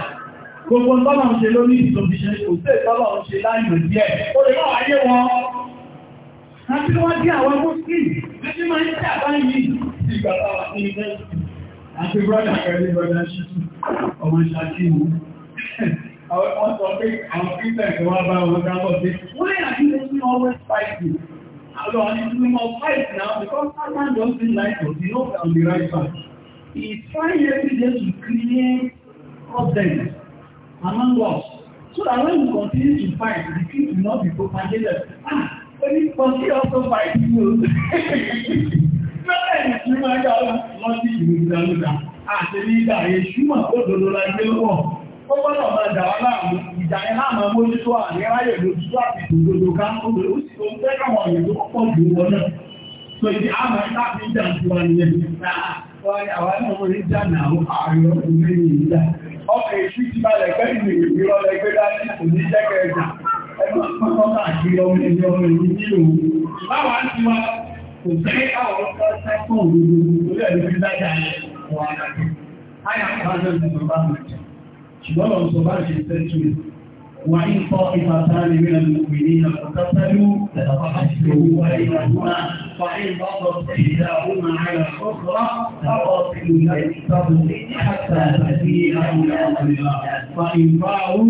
Gbogbo tọ́lọ̀ ń ṣe lórí ìtòbíṣẹ́ kò sí ìtọ́lọ̀ ń ṣe láìmọ̀ díẹ̀. Ó lè máa wáyé wọn. Àti wọ́n jẹ́ àwọn Mùsùlùmí, lójú máa ń tẹ́ àbáyìí sí ìgbàlá àti ilẹ̀ àti brọ́dà pẹ̀lú brọ́dà ṣíṣù ọmọ ṣáṣí mú. Wọ́n sọ pé àwọn pípẹ̀ tó wá bá wọn dábọ̀ sí, wọ́n yà kí ló sí always fighting. Àwọn ọ̀nà ìlú mọ̀ fight now because Satan doesn't like us, he knows on the right path. He is trying every day to create problems among us. So that when we continue to fight, the king will not be propagated. Ah, when he continue also fight, he will. Not that it's human, God, not the human, àti ní ìgbà èṣúmọ̀ òdòdó la gbé wọ̀. Ó gbọ́dọ̀ máa dà wá láàmú ìjà ẹ̀ láàmú mójútó àníráyè lójútó àti ìdòdó ká ó sì tó ń So ìdí àmọ́ ẹ̀ láti ìjà ń tiwa nìyẹn. Àwọn ẹ̀mọ́ orí jà náà ààrẹ ọkùnrin ìjà. Ọkọ̀ èṣù ti balẹ̀ pẹ́ ìrìn ìrọ̀lẹ́ gbé dání kò ní jẹ́ kẹjà. Ẹgbẹ́ ọ̀pọ̀ káàkiri ọmọ ẹni ọmọ ẹni nílò. Báwa ti wá kò fẹ́ àwọn ọ̀pọ̀ sẹ́kọ̀ọ́ òdodo lórí ẹ̀mí dáadáa yẹn. fún wa láti. Àyà àbájọ́ ní ọba àmàjẹ́. Ṣùgbọ́n lọ sọ bá ṣe tẹ́jú wà ní kọ́ ipa sáré mìíràn ní òwe ní àkọ́tàtàlú tẹ̀lọ́pàá àti owó wà ní àdúrà. Wà ní bọ́ọ̀lọ́ sí ìdá òun àárẹ̀ ọ̀kọ́kọ́ táwọ̀ sí ìlú ìtọ́jú ní àtà àti àwọn ọ̀rẹ́lá. Wà ní bá òun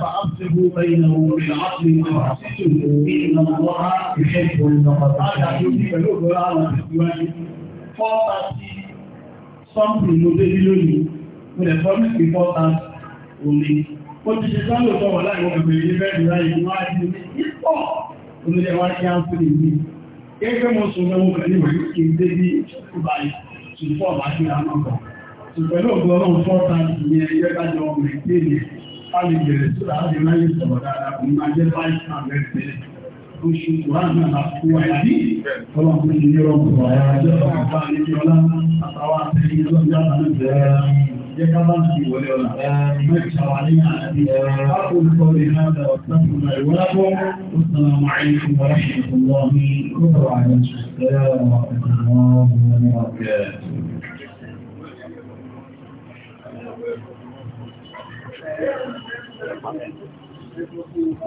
فأصبحوا بينهم بالعقل وأحسنوا إن الله يحب المقطعة. four thirty something ló dé bí lónìí mo lè fọ́ mẹ́sì four thirty òní ó ti ṣe sọ́lọ̀ tó wọ̀ láì wọ́n kẹfẹ́ ní bẹ́ẹ̀dì láì wọ́n á ti ní ìpọ̀ onílẹ̀ wá kí á ń fún ìlú gẹ́gẹ́ mo sọ lọ́wọ́ pẹ̀lú ìwé kí n dé bí ìṣòkúba ìṣòkúba bá ṣe àwọn ọkọ̀ ṣùgbẹ́lú ògbó ọlọ́run four thirty ní ẹgbẹ́ bá jọ ọmọ ìgbé ni a lè bẹ̀rẹ̀ sọ́dọ̀ á oṣù kùránà àkúwà ìdí ọlọ́pùn ní ọlọ́pùn ọ̀rọ̀ ọ̀pá níbi ọlá àtàwọn àtẹ́yìn ọlọ́pùn jẹ́ ká bá ń fi wọlé ọ̀la mẹ́ta wà ní àti àkókò lè hádà ọ̀tàkùn àìwọ́lápọ̀ ó sànà máyé fún wọ́n ṣe fún wọn ní kókòrò àyẹ̀tù ẹ̀rọ ọ̀tàkùn ọ̀rọ̀ Thank you.